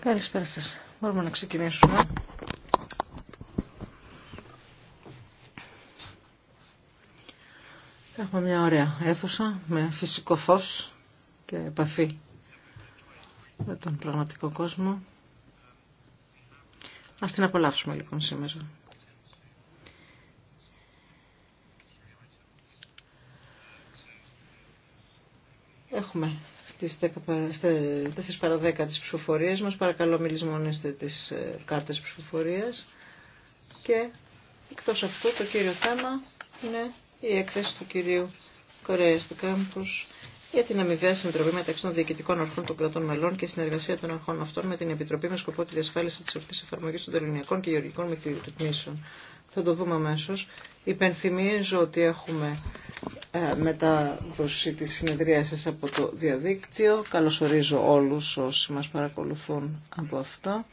Καλησπέρα σας. Μπορούμε να ξεκινήσουμε. Έχουμε μια ωραία αίθουσα με φυσικό φως και επαφή με τον πραγματικό κόσμο. Ας την απολαύσουμε λοιπόν σήμερα. έχουμε στις 4 παρα 10 τις ψηφοφορίες μας. Παρακαλώ μιλισμονέστε τις ε, κάρτες ψηφοφορίας. Και εκτός αυτού το κύριο θέμα είναι η έκθεση του κυρίου Κορέα του Κάμπους για την αμοιβαία συντροπή μεταξύ των διοικητικών αρχών των κρατών μελών και συνεργασία των αρχών αυτών με την Επιτροπή με σκοπό τη διασφάλιση τη ορθή εφαρμογή των τελωνιακών και γεωργικών μετρητμήσεων. Θα το δούμε αμέσω. Υπενθυμίζω ότι έχουμε ε, μετάδοση της συνεδρίασης από το διαδίκτυο. Καλωσορίζω όλους όσοι μας παρακολουθούν από αυτό.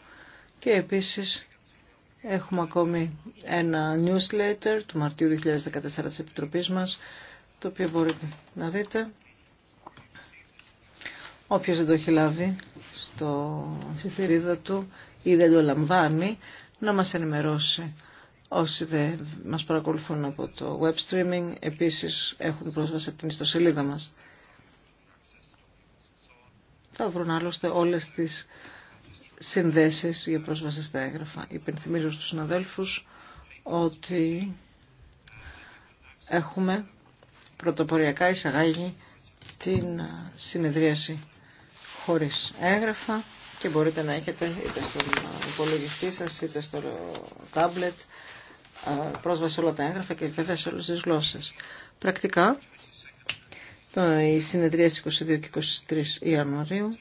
Και επίσης έχουμε ακόμη ένα newsletter του Μαρτίου 2014 της Επιτροπής μας, το οποίο μπορείτε να δείτε. Όποιος δεν το έχει λάβει στο, Συθυρίδα του ή δεν το λαμβάνει, να μας ενημερώσει Όσοι δεν μας παρακολουθούν από το web streaming, επίσης έχουν πρόσβαση από την ιστοσελίδα μας. Θα βρουν άλλωστε όλες τις συνδέσεις για πρόσβαση στα έγγραφα. Υπενθυμίζω στους συναδέλφους ότι έχουμε πρωτοποριακά εισαγάγει την συνεδρίαση χωρίς έγγραφα και μπορείτε να έχετε είτε στον υπολογιστή σας είτε στο τάμπλετ ε, πρόσβαση σε όλα τα έγγραφα και βέβαια σε όλες τις γλώσσες. Πρακτικά, το, οι συνεδρίες 22 και 23 Ιανουαρίου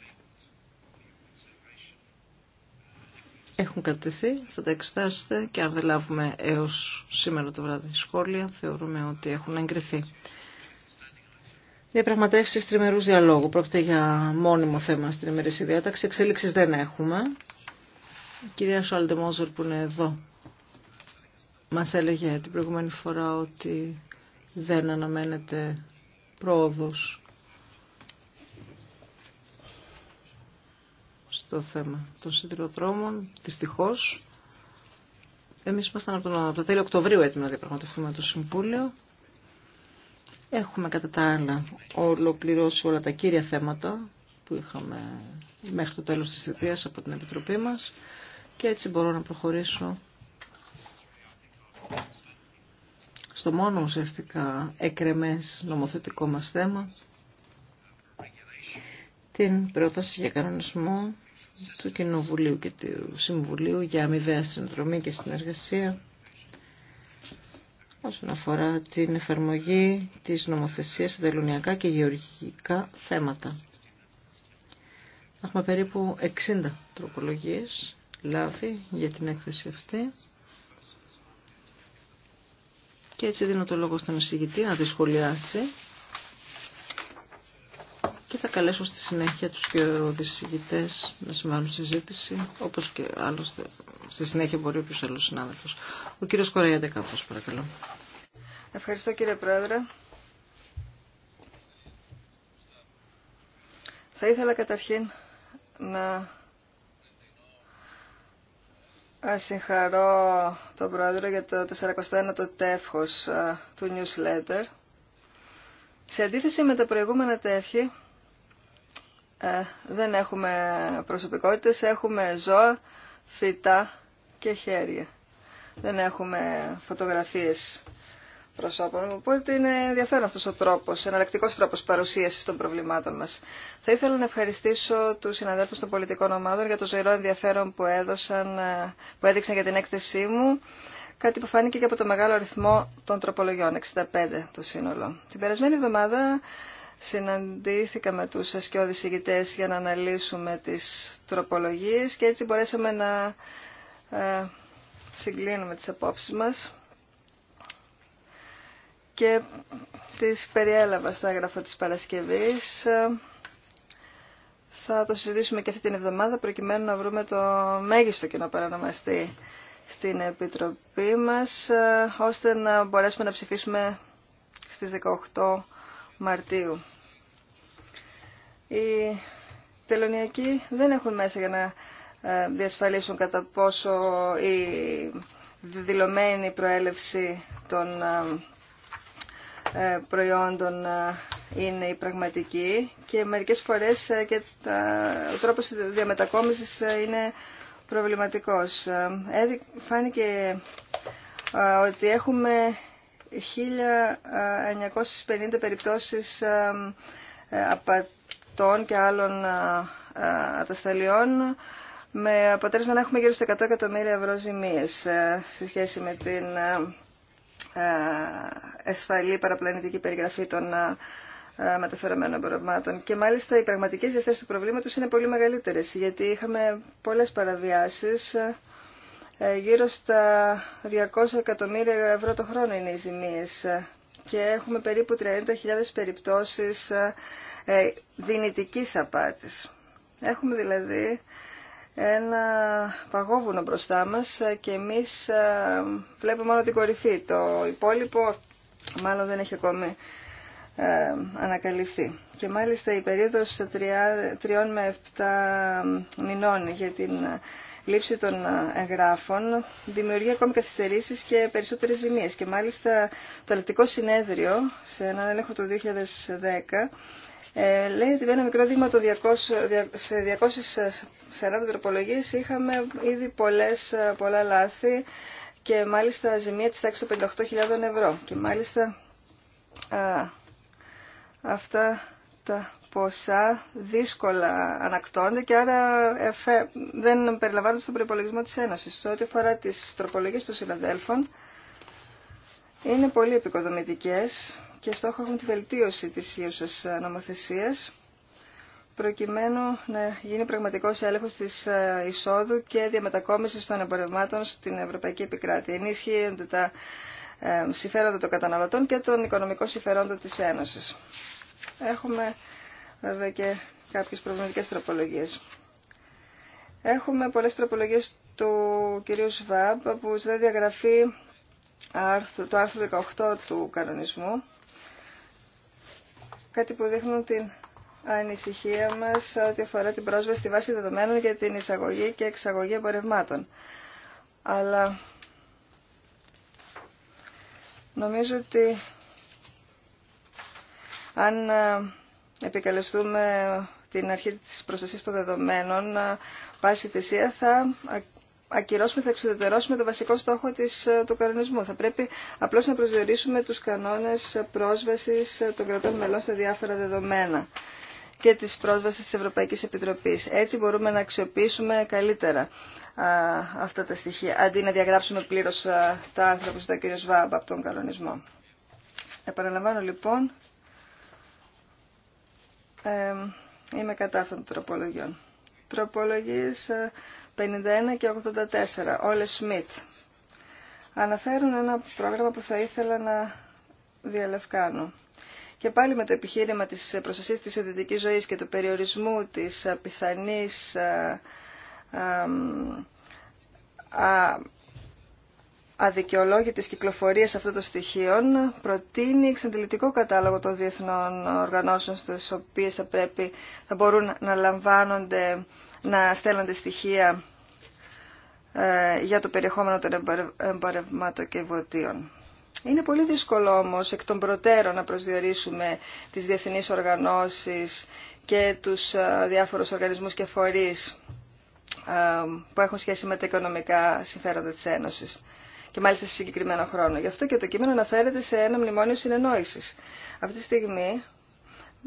έχουν κατευθεί, θα τα εξετάσετε και αν δεν λάβουμε έως σήμερα το βράδυ σχόλια, θεωρούμε ότι έχουν εγκριθεί. Διαπραγματεύσει τριμερού διαλόγου. Πρόκειται για μόνιμο θέμα στην ημερήσια διάταξη. Εξέλιξει δεν έχουμε. Η κυρία Σουάλντε Μόζερ που είναι εδώ μας έλεγε την προηγούμενη φορά ότι δεν αναμένεται πρόοδος στο θέμα των σιδηροδρόμων, δυστυχώς. Εμείς ήμασταν από, τον, από τέλειο Οκτωβρίου έτοιμοι να διαπραγματευτούμε το Συμβούλιο. Έχουμε κατά τα άλλα ολοκληρώσει όλα τα κύρια θέματα που είχαμε μέχρι το τέλος της θητείας από την Επιτροπή μας και έτσι μπορώ να προχωρήσω στο μόνο ουσιαστικά εκρεμές νομοθετικό μας θέμα, την πρόταση για κανονισμό του Κοινοβουλίου και του Συμβουλίου για αμοιβαία συνδρομή και συνεργασία όσον αφορά την εφαρμογή της νομοθεσίας σε και γεωργικά θέματα. Έχουμε περίπου 60 τροπολογίες λάβει για την έκθεση αυτή. Και έτσι δίνω το λόγο στον εισηγητή να τη σχολιάσει. Και θα καλέσω στη συνέχεια τους και να να συμβάνουν συζήτηση, όπως και άλλωστε στη συνέχεια μπορεί όποιος άλλος συνάδελφος. Ο κύριος Κοραϊάντε κάπως παρακαλώ. Ευχαριστώ κύριε Πρόεδρε. Θα ήθελα καταρχήν να συγχαρώ τον Πρόεδρο για το 41ο τεύχος του newsletter. Σε αντίθεση με τα προηγούμενα τεύχη, δεν έχουμε προσωπικότητες, έχουμε ζώα, φυτά και χέρια. Δεν έχουμε φωτογραφίες προσώπων. Οπότε είναι ενδιαφέρον αυτός ο τρόπος, εναλλακτικός τρόπος παρουσίασης των προβλημάτων μας. Θα ήθελα να ευχαριστήσω τους συναδέλφους των πολιτικών ομάδων για το ζωηρό ενδιαφέρον που, έδωσαν, ε, που έδειξαν για την έκθεσή μου. Κάτι που φάνηκε και από το μεγάλο αριθμό των τροπολογιών, 65 το σύνολο. Την περασμένη εβδομάδα συναντήθηκα με τους ασκιώδης ηγητές για να αναλύσουμε τις τροπολογίες και έτσι μπορέσαμε να ε, συγκλίνουμε τις απόψεις μας και τις περιέλαβα στο έγγραφο της Παρασκευής. Θα το συζητήσουμε και αυτή την εβδομάδα προκειμένου να βρούμε το μέγιστο κοινό παρανομαστή στην Επιτροπή μας ώστε να μπορέσουμε να ψηφίσουμε στις 18 Μαρτίου. Οι τελωνιακοί δεν έχουν μέσα για να ε, διασφαλίσουν κατά πόσο η δηλωμένη προέλευση των ε, ε, προϊόντων ε, είναι η πραγματική και μερικές φορές ε, και τα, ο τρόπος διαμετακόμισης είναι προβληματικός. Φάνηκε ότι έχουμε 1950 περιπτώσεις απατών και άλλων ατασταλιών με αποτέλεσμα να έχουμε γύρω στα 100 εκατομμύρια ευρώ ζημίες σε σχέση με την ε, εσφαλή παραπλανητική περιγραφή των ε, ε, μεταφερομένων προβλημάτων Και μάλιστα οι πραγματικές διαστάσεις του προβλήματος είναι πολύ μεγαλύτερες, γιατί είχαμε πολλές παραβιάσεις, γύρω στα 200 εκατομμύρια ευρώ το χρόνο είναι οι ζημίες και έχουμε περίπου 30.000 περιπτώσεις δυνητικής απάτης. Έχουμε δηλαδή ένα παγόβουνο μπροστά μας και εμείς ε, βλέπουμε μόνο την κορυφή. Το υπόλοιπο μάλλον δεν έχει ακόμη ε, ανακαλυφθεί. Και μάλιστα η περίοδος 3, με 7 μηνών για την λήψη των εγγράφων δημιουργεί ακόμη καθυστερήσεις και περισσότερες ζημίες. Και μάλιστα το Ελεκτικό Συνέδριο σε έναν έλεγχο το 2010 ε, λέει ότι με ένα μικρό δείγμα το 200, σε 240 ε, τροπολογίες είχαμε ήδη πολλές, ε, πολλά λάθη και μάλιστα ζημία της τάξης των 58.000 ευρώ. Και μάλιστα α, αυτά τα ποσά δύσκολα ανακτώνται και άρα δεν περιλαμβάνονται στον προπολογισμό της Ένωσης. Σε ό,τι αφορά τις τροπολογίες των συναδέλφων, είναι πολύ επικοδομητικές και στόχο έχουν τη βελτίωση της ίουσας νομοθεσίας προκειμένου να γίνει πραγματικός έλεγχος της ε, εισόδου και διαμετακόμισης των εμπορευμάτων στην Ευρωπαϊκή Επικράτεια. Ενίσχυονται τα ε, συμφέροντα των καταναλωτών και των οικονομικών συμφερόντων της Ένωσης. Έχουμε βέβαια και κάποιες προβληματικές τροπολογίες. Έχουμε πολλές τροπολογίες του κυρίου Σβάμπ που ζητά διαγραφή το άρθρο 18 του κανονισμού κάτι που δείχνουν την ανησυχία μας ό,τι αφορά την πρόσβαση στη βάση δεδομένων για την εισαγωγή και εξαγωγή εμπορευμάτων. Αλλά νομίζω ότι αν ε, επικαλεστούμε την αρχή της προστασίας των δεδομένων, πάση ε, θυσία θα ακυρώσουμε, θα εξουδετερώσουμε το βασικό στόχο της, ε, του κανονισμού. Θα πρέπει απλώς να προσδιορίσουμε τους κανόνες πρόσβασης ε, των κρατών μελών στα διάφορα δεδομένα και της πρόσβασης της Ευρωπαϊκής Επιτροπής. Έτσι μπορούμε να αξιοποιήσουμε καλύτερα α, αυτά τα στοιχεία, αντί να διαγράψουμε πλήρως τα άρθρα που ζητά ο κ. από τον κανονισμό. Επαναλαμβάνω λοιπόν, ε, είμαι κατά αυτών των τροπολογιών. Τροπολογίες... Ε, 51 και 84, όλες Σμιτ. Αναφέρουν ένα πρόγραμμα που θα ήθελα να διαλευκάνω. Και πάλι με το επιχείρημα της προστασίας της ιδιωτικής ζωής και του περιορισμού της ε, πιθανής ε, ε, αδικαιολόγητης κυκλοφορίας αυτών των στοιχείων προτείνει εξαντλητικό κατάλογο των διεθνών οργανώσεων στις οποίες θα πρέπει θα μπορούν να λαμβάνονται, να στέλνονται στοιχεία ε, για το περιεχόμενο των εμπορευματοκιβωτίων. Είναι πολύ δύσκολο όμως εκ των προτέρων να προσδιορίσουμε τις διεθνείς οργανώσεις και τους ε, διάφορους οργανισμούς και φορείς ε, που έχουν σχέση με τα οικονομικά συμφέροντα της Ένωσης και μάλιστα σε συγκεκριμένο χρόνο. Γι' αυτό και το κείμενο αναφέρεται σε ένα μνημόνιο συνεννόηση. Αυτή τη στιγμή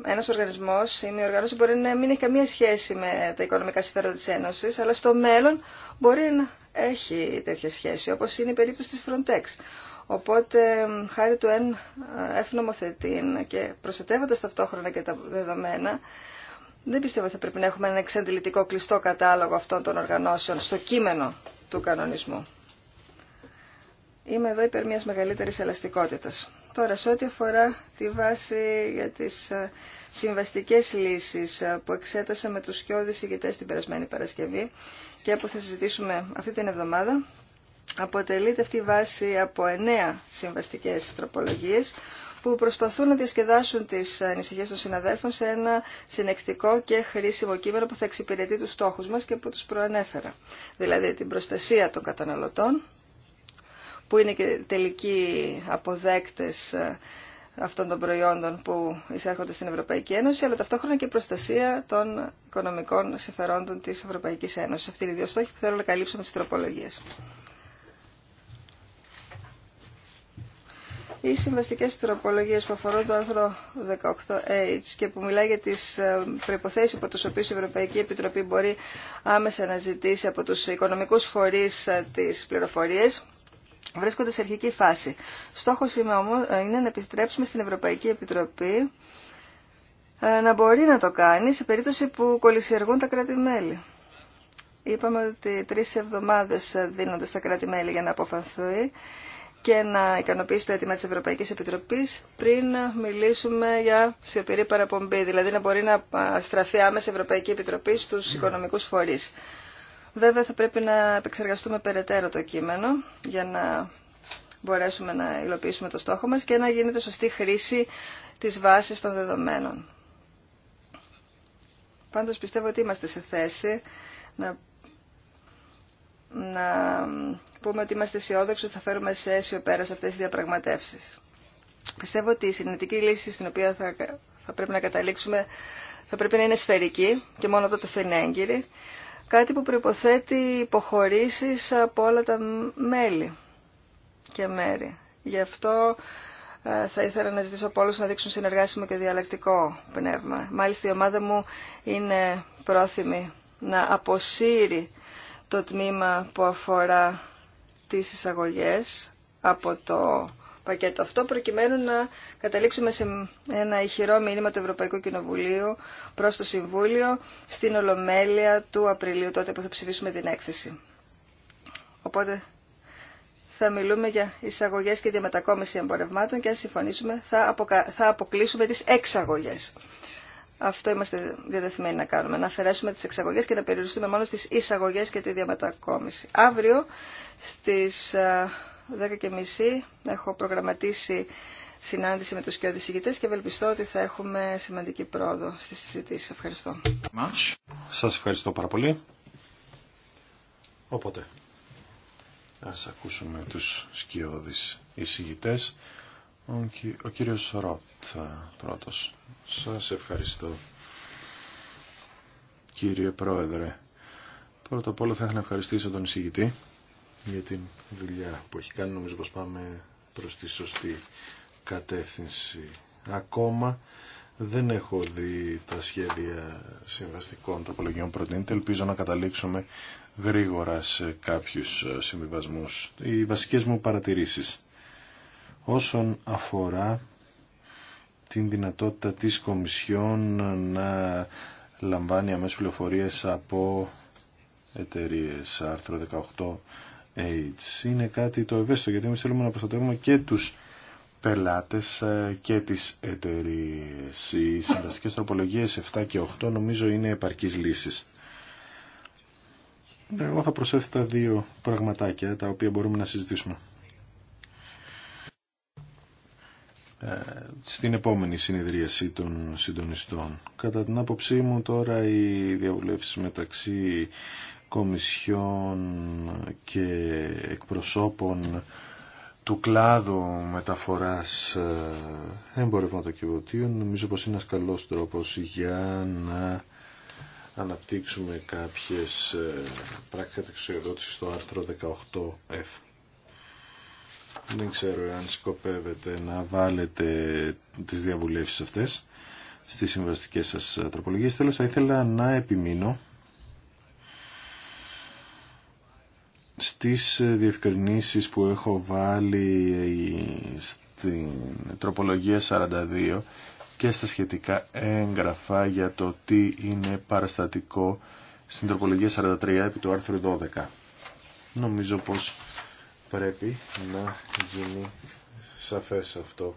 ένα οργανισμό ή μια οργάνωση μπορεί να μην έχει καμία σχέση με τα οικονομικά συμφέροντα τη Ένωση, αλλά στο μέλλον μπορεί να έχει τέτοια σχέση, όπω είναι η περίπτωση τη Frontex. Οπότε, χάρη του εν ε, νομοθετήν και προστατεύοντα ταυτόχρονα και τα δεδομένα, δεν πιστεύω ότι θα πρέπει να έχουμε ένα εξαντλητικό κλειστό κατάλογο αυτών των οργανώσεων στο κείμενο του κανονισμού είμαι εδώ υπέρ μιας μεγαλύτερης ελαστικότητας. Τώρα, σε ό,τι αφορά τη βάση για τις ε, συμβαστικές λύσεις ε, που εξέτασα με τους σκιώδεις ηγητές την περασμένη Παρασκευή και που θα συζητήσουμε αυτή την εβδομάδα, αποτελείται αυτή η βάση από εννέα συμβαστικές τροπολογίες που προσπαθούν να διασκεδάσουν τις ανησυχίες των συναδέλφων σε ένα συνεκτικό και χρήσιμο κείμενο που θα εξυπηρετεί τους στόχους μας και που τους προανέφερα. Δηλαδή την προστασία των καταναλωτών, που είναι και τελικοί αποδέκτες ε, αυτών των προϊόντων που εισέρχονται στην Ευρωπαϊκή Ένωση, αλλά ταυτόχρονα και προστασία των οικονομικών συμφερόντων της Ευρωπαϊκής Ένωσης. Αυτή είναι η δύο στόχη που θέλω να καλύψω με τις τροπολογίες. Οι συμβαστικές τροπολογίες που αφορούν το άρθρο 18H και που μιλάει για τις ε, προϋποθέσεις από τους οποίους η Ευρωπαϊκή Επιτροπή μπορεί άμεσα να ζητήσει από τους οικονομικούς φορείς ε, τις πληροφορίες, βρίσκονται σε αρχική φάση. Στόχος ε, είναι να επιστρέψουμε στην Ευρωπαϊκή Επιτροπή ε, να μπορεί να το κάνει σε περίπτωση που κολλησιεργούν τα κράτη-μέλη. Είπαμε ότι τρεις εβδομάδες δίνονται στα κράτη-μέλη για να αποφανθεί και να ικανοποιήσει το αίτημα της Ευρωπαϊκής Επιτροπής πριν μιλήσουμε για σιωπηρή παραπομπή, δηλαδή να μπορεί να στραφεί άμεσα η Ευρωπαϊκή Επιτροπή στους οικονομικούς φορείς. Βέβαια θα πρέπει να επεξεργαστούμε περαιτέρω το κείμενο για να μπορέσουμε να υλοποιήσουμε το στόχο μας και να γίνεται σωστή χρήση της βάσης των δεδομένων. Πάντως πιστεύω ότι είμαστε σε θέση να, να πούμε ότι είμαστε αισιόδοξοι ότι θα φέρουμε σε αίσιο πέρα σε αυτές τις διαπραγματεύσεις. Πιστεύω ότι η συνετική λύση στην οποία θα, θα πρέπει να καταλήξουμε θα πρέπει να είναι σφαιρική και μόνο τότε θα είναι έγκυρη Κάτι που προϋποθέτει υποχωρήσεις από όλα τα μέλη και μέρη. Γι' αυτό ε, θα ήθελα να ζητήσω από όλους να δείξουν συνεργάσιμο και διαλεκτικό πνεύμα. Μάλιστα η ομάδα μου είναι πρόθυμη να αποσύρει το τμήμα που αφορά τις εισαγωγές από το πακέτο αυτό προκειμένου να καταλήξουμε σε ένα ηχηρό μήνυμα του Ευρωπαϊκού Κοινοβουλίου προς το Συμβούλιο στην Ολομέλεια του Απριλίου, τότε που θα ψηφίσουμε την έκθεση. Οπότε θα μιλούμε για εισαγωγές και διαμετακόμιση εμπορευμάτων και αν συμφωνήσουμε θα, θα αποκλείσουμε τις εξαγωγές. Αυτό είμαστε διαδεθειμένοι να κάνουμε, να αφαιρέσουμε τις εξαγωγές και να περιοριστούμε μόνο στις εισαγωγές και τη διαμετακόμιση. Αύριο στις ε, 10.30 έχω προγραμματίσει συνάντηση με τους κοιοδησηγητές και ευελπιστώ ότι θα έχουμε σημαντική πρόοδο στις συζητήσεις. Ευχαριστώ. Σας ευχαριστώ πάρα πολύ. Οπότε, ας ακούσουμε τους σκιώδεις εισηγητές. Ο κύριος Ροτ ε, πρώτος. Σας ευχαριστώ κύριε Πρόεδρε. Πρώτα απ' όλα θα ήθελα να ευχαριστήσω τον εισηγητή για την δουλειά που έχει κάνει. Νομίζω πως πάμε προς τη σωστή κατεύθυνση. Ακόμα δεν έχω δει τα σχέδια συμβαστικών τοπολογιών προτείνεται. Ελπίζω να καταλήξουμε γρήγορα σε κάποιους συμβιβασμούς. Οι βασικές μου παρατηρήσεις. Όσον αφορά την δυνατότητα της Κομισιόν να λαμβάνει αμέσως πληροφορίες από εταιρείες. Άρθρο 18 AIDS. Είναι κάτι το ευαίσθητο γιατί εμείς θέλουμε να προστατεύουμε και τους πελάτες ε, και τις εταιρείες. Οι συνταστικές τροπολογίες 7 και 8 νομίζω είναι επαρκής λύσης. Εγώ θα προσέθω τα δύο πραγματάκια τα οποία μπορούμε να συζητήσουμε. Ε, στην επόμενη συνεδρίαση των συντονιστών. Κατά την άποψή μου τώρα οι διαβουλεύσεις μεταξύ κομισιών και εκπροσώπων του κλάδου μεταφοράς εμπορευματοκιβωτίων νομίζω πως είναι ένας καλός τρόπος για να αναπτύξουμε κάποιες ε, πράξεις ερώτηση στο άρθρο 18F. Δεν ξέρω αν σκοπεύετε να βάλετε τις διαβουλεύσεις αυτές στις συμβαστικές σας τροπολογίες. Τέλος θα ήθελα να επιμείνω στις ε, διευκρινήσεις που έχω βάλει ε, στην τροπολογία 42 και στα σχετικά έγγραφα για το τι είναι παραστατικό στην τροπολογία 43 επί του άρθρου 12. Νομίζω πως πρέπει να γίνει σαφές αυτό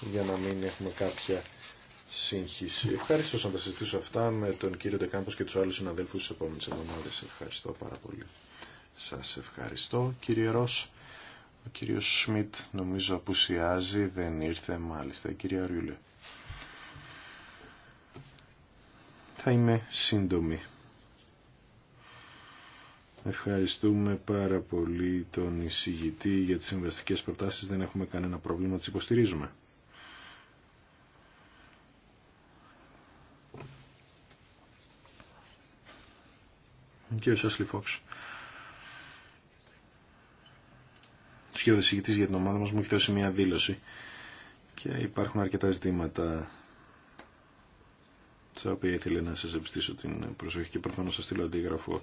για να μην έχουμε κάποια σύγχυση. Ευχαριστώ να τα συζητήσω αυτά με τον κύριο τεκάμπος και τους άλλους συναδέλφου της επόμενης εβδομάδας. Ευχαριστώ πάρα πολύ. Σας ευχαριστώ κύριε Ρος. Ο κύριος Σμιτ νομίζω απουσιάζει, δεν ήρθε μάλιστα. Κυρία Ριούλε. Θα είμαι σύντομη. Ευχαριστούμε πάρα πολύ τον εισηγητή για τις συμβαστικές προτάσεις. Δεν έχουμε κανένα πρόβλημα, τις υποστηρίζουμε. Κύριε Ashley Fox. Ο σχεδοσηγητής για την ομάδα μας μου έχει δώσει μια δήλωση και υπάρχουν αρκετά ζητήματα τα οποία ήθελε να σας ευστήσω την προσοχή και προφανώς σας στείλω αντίγραφο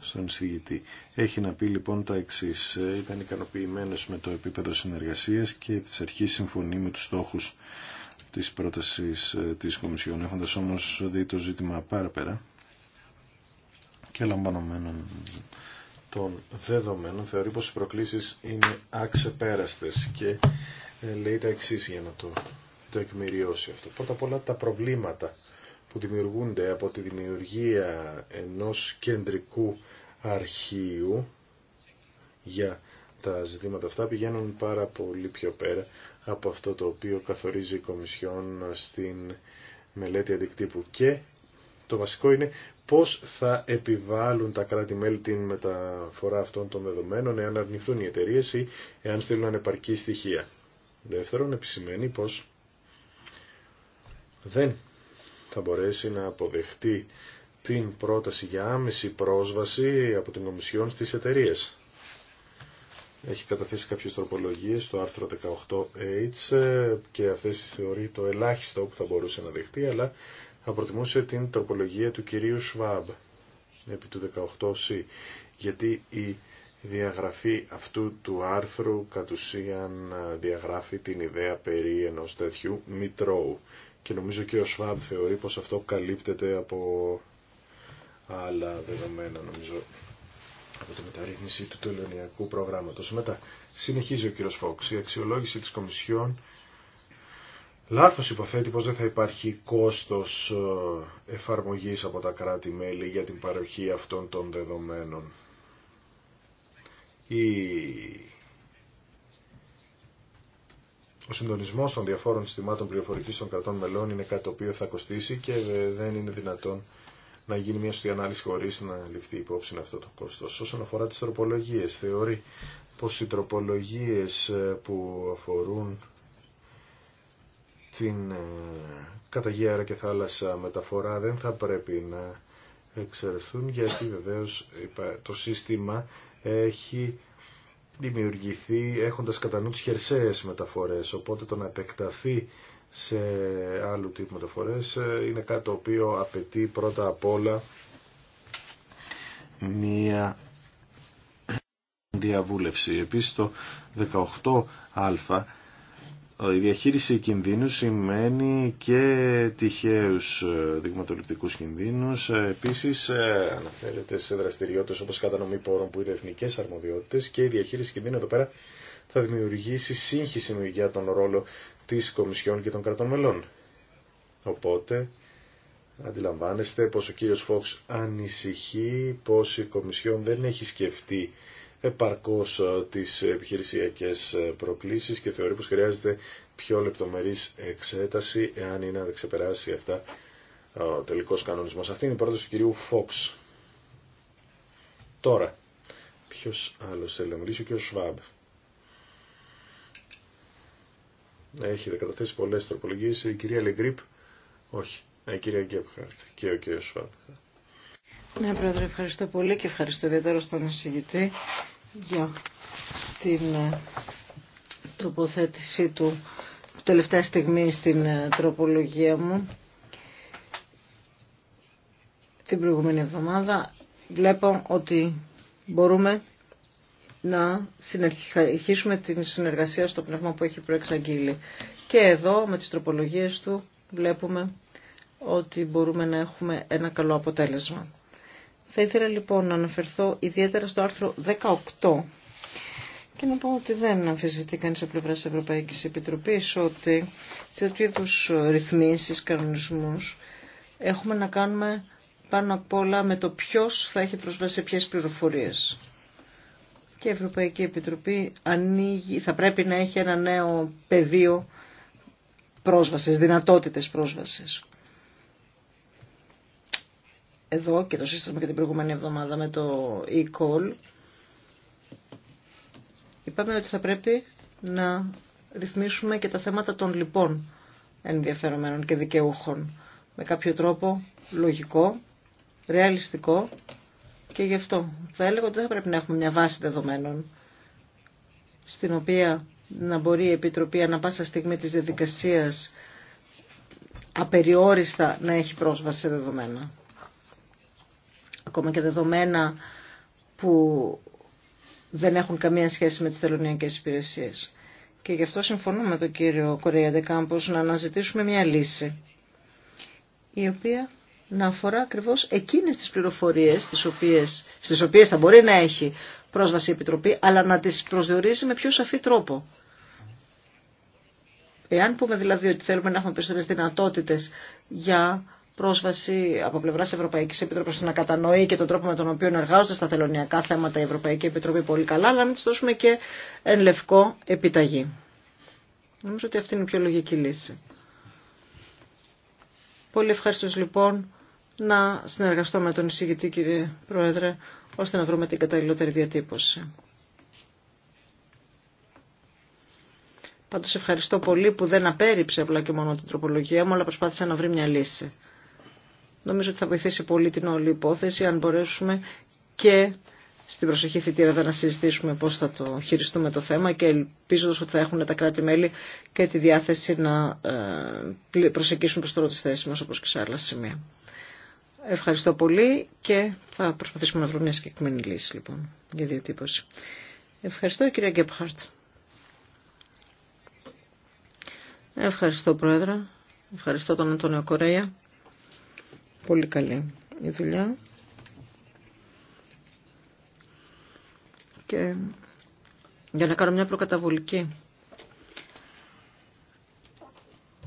στον εισηγητή. Έχει να πει λοιπόν τα εξή. Ε, ήταν ικανοποιημένο με το επίπεδο συνεργασίας και τη της αρχής συμφωνεί με τους στόχους της πρότασης ε, της Κομισιόν, έχοντας όμως δει το ζήτημα πάρα πέρα και λαμβανωμένων των δεδομένων θεωρεί πως οι προκλήσεις είναι αξεπέραστες και ε, λέει τα εξή για να το τεκμηριώσει αυτό. Πρώτα απ' όλα τα προβλήματα που δημιουργούνται από τη δημιουργία ενός κεντρικού αρχείου για τα ζητήματα αυτά πηγαίνουν πάρα πολύ πιο πέρα από αυτό το οποίο καθορίζει η Κομισιόν στην μελέτη αντικτύπου και το βασικό είναι πώς θα επιβάλλουν τα κράτη-μέλη την μεταφορά αυτών των δεδομένων εάν αρνηθούν οι εταιρείε ή εάν στείλουν ανεπαρκή στοιχεία. Δεύτερον, επισημαίνει πως δεν θα μπορέσει να αποδεχτεί την πρόταση για άμεση πρόσβαση από την Κομισιόν στις εταιρείε. Έχει καταθέσει κάποιες τροπολογίες στο άρθρο 18H ε, και αυτές τι θεωρεί το ελάχιστο που θα μπορούσε να δεχτεί, αλλά θα προτιμούσε την τροπολογία του κυρίου Σβάμπ επί του 18C, γιατί η διαγραφή αυτού του άρθρου κατ' ουσίαν ε, διαγράφει την ιδέα περί ενός τέτοιου μητρώου. Και νομίζω και ο Σβάμπ θεωρεί πως αυτό καλύπτεται από άλλα δεδομένα νομίζω από τη μεταρρύθμιση του τελωνιακού προγράμματος. Μετά συνεχίζει ο κύριος Φόξ. Η αξιολόγηση της Κομισιόν Λάθος υποθέτει πως δεν θα υπάρχει κόστος ε, εφαρμογής από τα κράτη-μέλη για την παροχή αυτών των δεδομένων. Η... Ο συντονισμός των διαφόρων συστημάτων πληροφορικής των κρατών μελών είναι κάτι το οποίο θα κοστίσει και δεν είναι δυνατόν να γίνει μια σωστή ανάλυση χωρίς να ληφθεί υπόψη αυτό το κόστος. Όσον αφορά τις τροπολογίες, θεωρεί πως οι τροπολογίες ε, που αφορούν την ε, καταγέρα και θάλασσα μεταφορά δεν θα πρέπει να εξαιρεθούν γιατί βεβαίως το σύστημα έχει δημιουργηθεί έχοντας κατά νου τις χερσαίες μεταφορές οπότε το να επεκταθεί σε άλλου τύπου μεταφορές ε, είναι κάτι το οποίο απαιτεί πρώτα απ' όλα μία διαβούλευση. Επίσης το 18α ε, η διαχείριση κινδύνου σημαίνει και τυχαίους ε, δειγματοληπτικούς κινδύνους. Ε, επίσης αναφέρεται σε δραστηριότητες όπως κατανομή πόρων που είναι εθνικές αρμοδιότητες και η διαχείριση κινδύνου εδώ πέρα θα δημιουργήσει σύγχυση για τον ρόλο της Κομισιόν και των κρατών μελών. Οπότε αντιλαμβάνεστε πως ο κύριος Φόξ ανησυχεί πως η Κομισιόν δεν έχει σκεφτεί επαρκώς ε, τις επιχειρησιακές ε, προκλήσεις και θεωρεί πως χρειάζεται πιο λεπτομερής εξέταση εάν είναι να ξεπεράσει αυτά ο τελικός κανονισμός. Αυτή είναι η πρόταση του κυρίου Φόξ. Τώρα, ποιος άλλος θέλει να μιλήσει, ο κύριος Σβάμπ. Έχετε καταθέσει πολλές τροπολογίες, η κυρία Λεγκρίπ, όχι, η κυρία Γκέπχαρτ και ο κύριος Σβάμπ. Ναι, Πρόεδρε, ευχαριστώ πολύ και ευχαριστώ ιδιαίτερα στον εισηγητή για την ε, τοποθέτησή του τελευταία στιγμή στην ε, τροπολογία μου την προηγούμενη εβδομάδα. Βλέπω ότι μπορούμε να συνεχίσουμε την συνεργασία στο πνεύμα που έχει προεξαγγείλει. Και εδώ με τις τροπολογίες του βλέπουμε ότι μπορούμε να έχουμε ένα καλό αποτέλεσμα. Θα ήθελα λοιπόν να αναφερθώ ιδιαίτερα στο άρθρο 18 και να πω ότι δεν αμφισβητεί κανείς από πλευρά της Ευρωπαϊκής Επιτροπής ότι σε τέτοιου είδου ρυθμίσεις, κανονισμούς έχουμε να κάνουμε πάνω απ' όλα με το ποιος θα έχει προσβάσει σε ποιες πληροφορίες. Και η Ευρωπαϊκή Επιτροπή ανοίγει, θα πρέπει να έχει ένα νέο πεδίο πρόσβασης, δυνατότητες πρόσβασης εδώ και το σύστημα και την προηγούμενη εβδομάδα με το e-call, είπαμε ότι θα πρέπει να ρυθμίσουμε και τα θέματα των λοιπών ενδιαφερομένων και δικαιούχων με κάποιο τρόπο λογικό, ρεαλιστικό και γι' αυτό θα έλεγα ότι δεν θα πρέπει να έχουμε μια βάση δεδομένων στην οποία να μπορεί η Επιτροπή ανα πάσα στιγμή της διαδικασίας απεριόριστα να έχει πρόσβαση σε δεδομένα ακόμα και δεδομένα που δεν έχουν καμία σχέση με τις θελωνιακές υπηρεσίες. Και γι' αυτό συμφωνούμε με τον κύριο Κορείαντε Κάμπος να αναζητήσουμε μια λύση η οποία να αφορά ακριβώς εκείνες τις πληροφορίες τις οποίες, στις οποίες θα μπορεί να έχει πρόσβαση η Επιτροπή αλλά να τις προσδιορίζει με πιο σαφή τρόπο. Εάν πούμε δηλαδή ότι θέλουμε να έχουμε περισσότερες δυνατότητες για πρόσβαση από πλευρά Ευρωπαϊκή Επιτροπή να κατανοεί και τον τρόπο με τον οποίο εργάζονται στα θελωνιακά θέματα η Ευρωπαϊκή Επιτροπή πολύ καλά, αλλά να μην τη δώσουμε και εν λευκό επιταγή. Νομίζω ότι αυτή είναι η πιο λογική λύση. Πολύ ευχαριστώ λοιπόν να συνεργαστώ με τον εισηγητή κύριε Πρόεδρε, ώστε να βρούμε την καταλληλότερη διατύπωση. Πάντως ευχαριστώ πολύ που δεν απέρριψε απλά και μόνο την τροπολογία μου, αλλά προσπάθησε να βρει μια λύση. Νομίζω ότι θα βοηθήσει πολύ την όλη υπόθεση αν μπορέσουμε και στην προσεχή θητήρα να συζητήσουμε πώς θα το χειριστούμε το θέμα και ελπίζοντας ότι θα έχουν τα κράτη-μέλη και τη διάθεση να ε, προσεγγίσουν προς τώρα τις θέσεις μας όπως και σε άλλα σημεία. Ευχαριστώ πολύ και θα προσπαθήσουμε να βρούμε μια συγκεκριμένη λύση λοιπόν για διατύπωση. Ευχαριστώ κυρία Γκέπχαρτ. Ευχαριστώ Πρόεδρα. Ευχαριστώ τον Αντώνιο Κορέα Πολύ καλή η δουλειά. Και για να κάνω μια προκαταβολική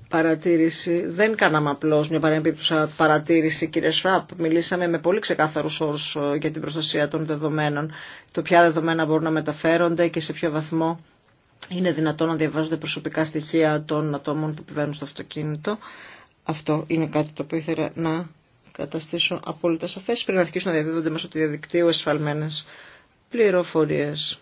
παρατήρηση. Δεν κάναμε απλώ μια παρεμπίπτουσα παρατήρηση, κύριε Σφαπ. Μιλήσαμε με πολύ ξεκάθαρου όρου ε, για την προστασία των δεδομένων. Το ποια δεδομένα μπορούν να μεταφέρονται και σε ποιο βαθμό είναι δυνατόν να διαβάζονται προσωπικά στοιχεία των ατόμων που επιβαίνουν στο αυτοκίνητο. Αυτό είναι κάτι το οποίο ήθελα να καταστήσω απόλυτα σαφές πριν αρχίσουν να διαδίδονται μέσω του διαδικτύου εσφαλμένες πληροφορίες.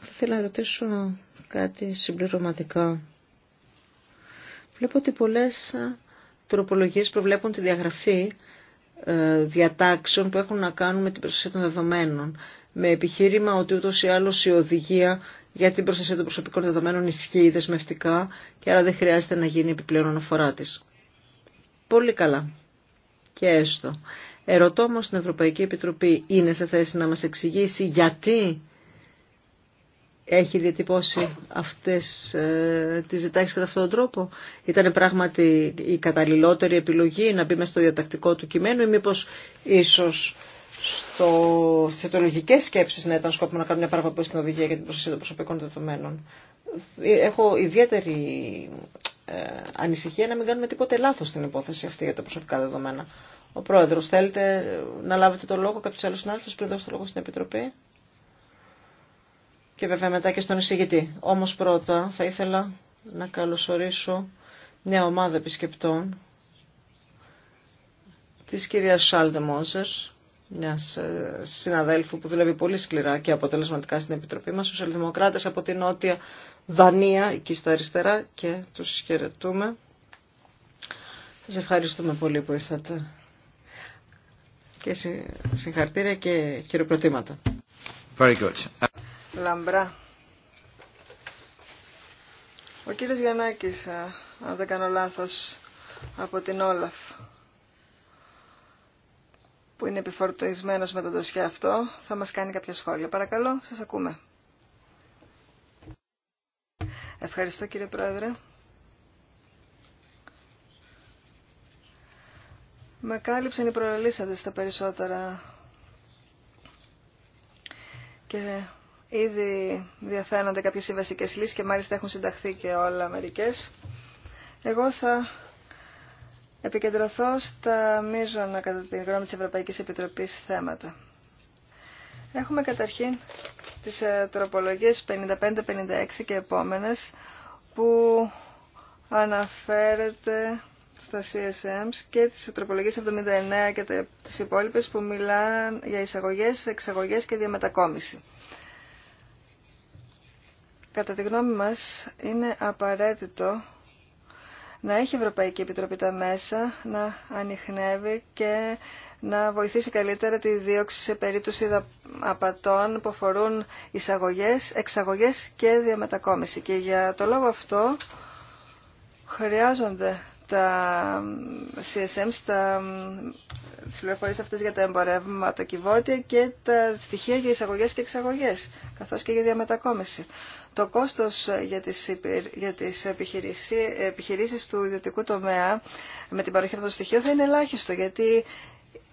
Θα ήθελα να ρωτήσω κάτι συμπληρωματικά. Βλέπω ότι πολλές τροπολογίες προβλέπουν τη διαγραφή ε, διατάξεων που έχουν να κάνουν με την προστασία των δεδομένων. Με επιχείρημα ότι ούτως ή άλλως η οδηγία για την προστασία των προσωπικών δεδομένων ισχύει δεσμευτικά και άρα δεν χρειάζεται να γίνει επιπλέον αναφορά της. Πολύ καλά. Και έστω. Ερωτώ όμω την Ευρωπαϊκή Επιτροπή είναι σε θέση να μας εξηγήσει γιατί έχει διατυπώσει αυτές ε, τις ζητάξεις κατά αυτόν τον τρόπο. Ήταν πράγματι η καταλληλότερη επιλογή να μπει μέσα στο διατακτικό του κειμένου ή μήπως ίσως στο, στις αιτιολογικές σκέψεις να ήταν σκόπιμο να κάνω μια παραπομπή στην οδηγία για την προστασία των προσωπικών δεδομένων. Έχω ιδιαίτερη ε, ανησυχία να μην κάνουμε τίποτε λάθος στην υπόθεση αυτή για τα προσωπικά δεδομένα. Ο Πρόεδρος, θέλετε να λάβετε το λόγο κάποιος άλλος συνάδελφος πριν δώσετε το λόγο στην Επιτροπή. Και βέβαια μετά και στον εισηγητή. Όμως πρώτα θα ήθελα να καλωσορίσω μια ομάδα επισκεπτών της κυρίας Σάλντε Μόζερς, μια ε, συναδέλφου που δουλεύει πολύ σκληρά και αποτελεσματικά στην Επιτροπή μας, σοσιαλδημοκράτες από την Νότια Δανία, εκεί στα αριστερά και τους χαιρετούμε. Σας ευχαριστούμε πολύ που ήρθατε και συγχαρητήρια και χειροκροτήματα. Very good. Λαμπρά. Ο κύριος Γιαννάκης, αν δεν κάνω λάθος, από την Όλαφ που είναι επιφορτισμένος με το δοσιά αυτό, θα μας κάνει κάποια σχόλια. Παρακαλώ, σας ακούμε. Ευχαριστώ κύριε Πρόεδρε. Με κάλυψαν οι προελίσσαντες τα περισσότερα και ήδη διαφαίνονται κάποιες συμβαστικές λύσεις και μάλιστα έχουν συνταχθεί και όλα μερικές. Εγώ θα επικεντρωθώ στα μείζωνα κατά τη γνώμη της Ευρωπαϊκής Επιτροπής θέματα. Έχουμε καταρχήν τις ε, τροπολογίες 55-56 και επόμενες που αναφέρεται στα CSMs και τις τροπολογίες 79 και τις υπόλοιπες που μιλάνε για εισαγωγές, εξαγωγές και διαμετακόμιση. Κατά τη γνώμη μας είναι απαραίτητο να έχει η Ευρωπαϊκή Επιτροπή τα μέσα να ανοιχνεύει και να βοηθήσει καλύτερα τη δίωξη σε περίπτωση απατών που αφορούν εισαγωγές, εξαγωγές και διαμετακόμιση. Και για το λόγο αυτό χρειάζονται τα CSM, στα, τις πληροφορίες αυτές για τα εμπορευματοκιβώτια και τα στοιχεία για εισαγωγές και εξαγωγές, καθώς και για διαμετακόμιση. Το κόστος για τις, για τις επιχειρήσεις του ιδιωτικού τομέα με την παροχή αυτών των στοιχείων θα είναι ελάχιστο, γιατί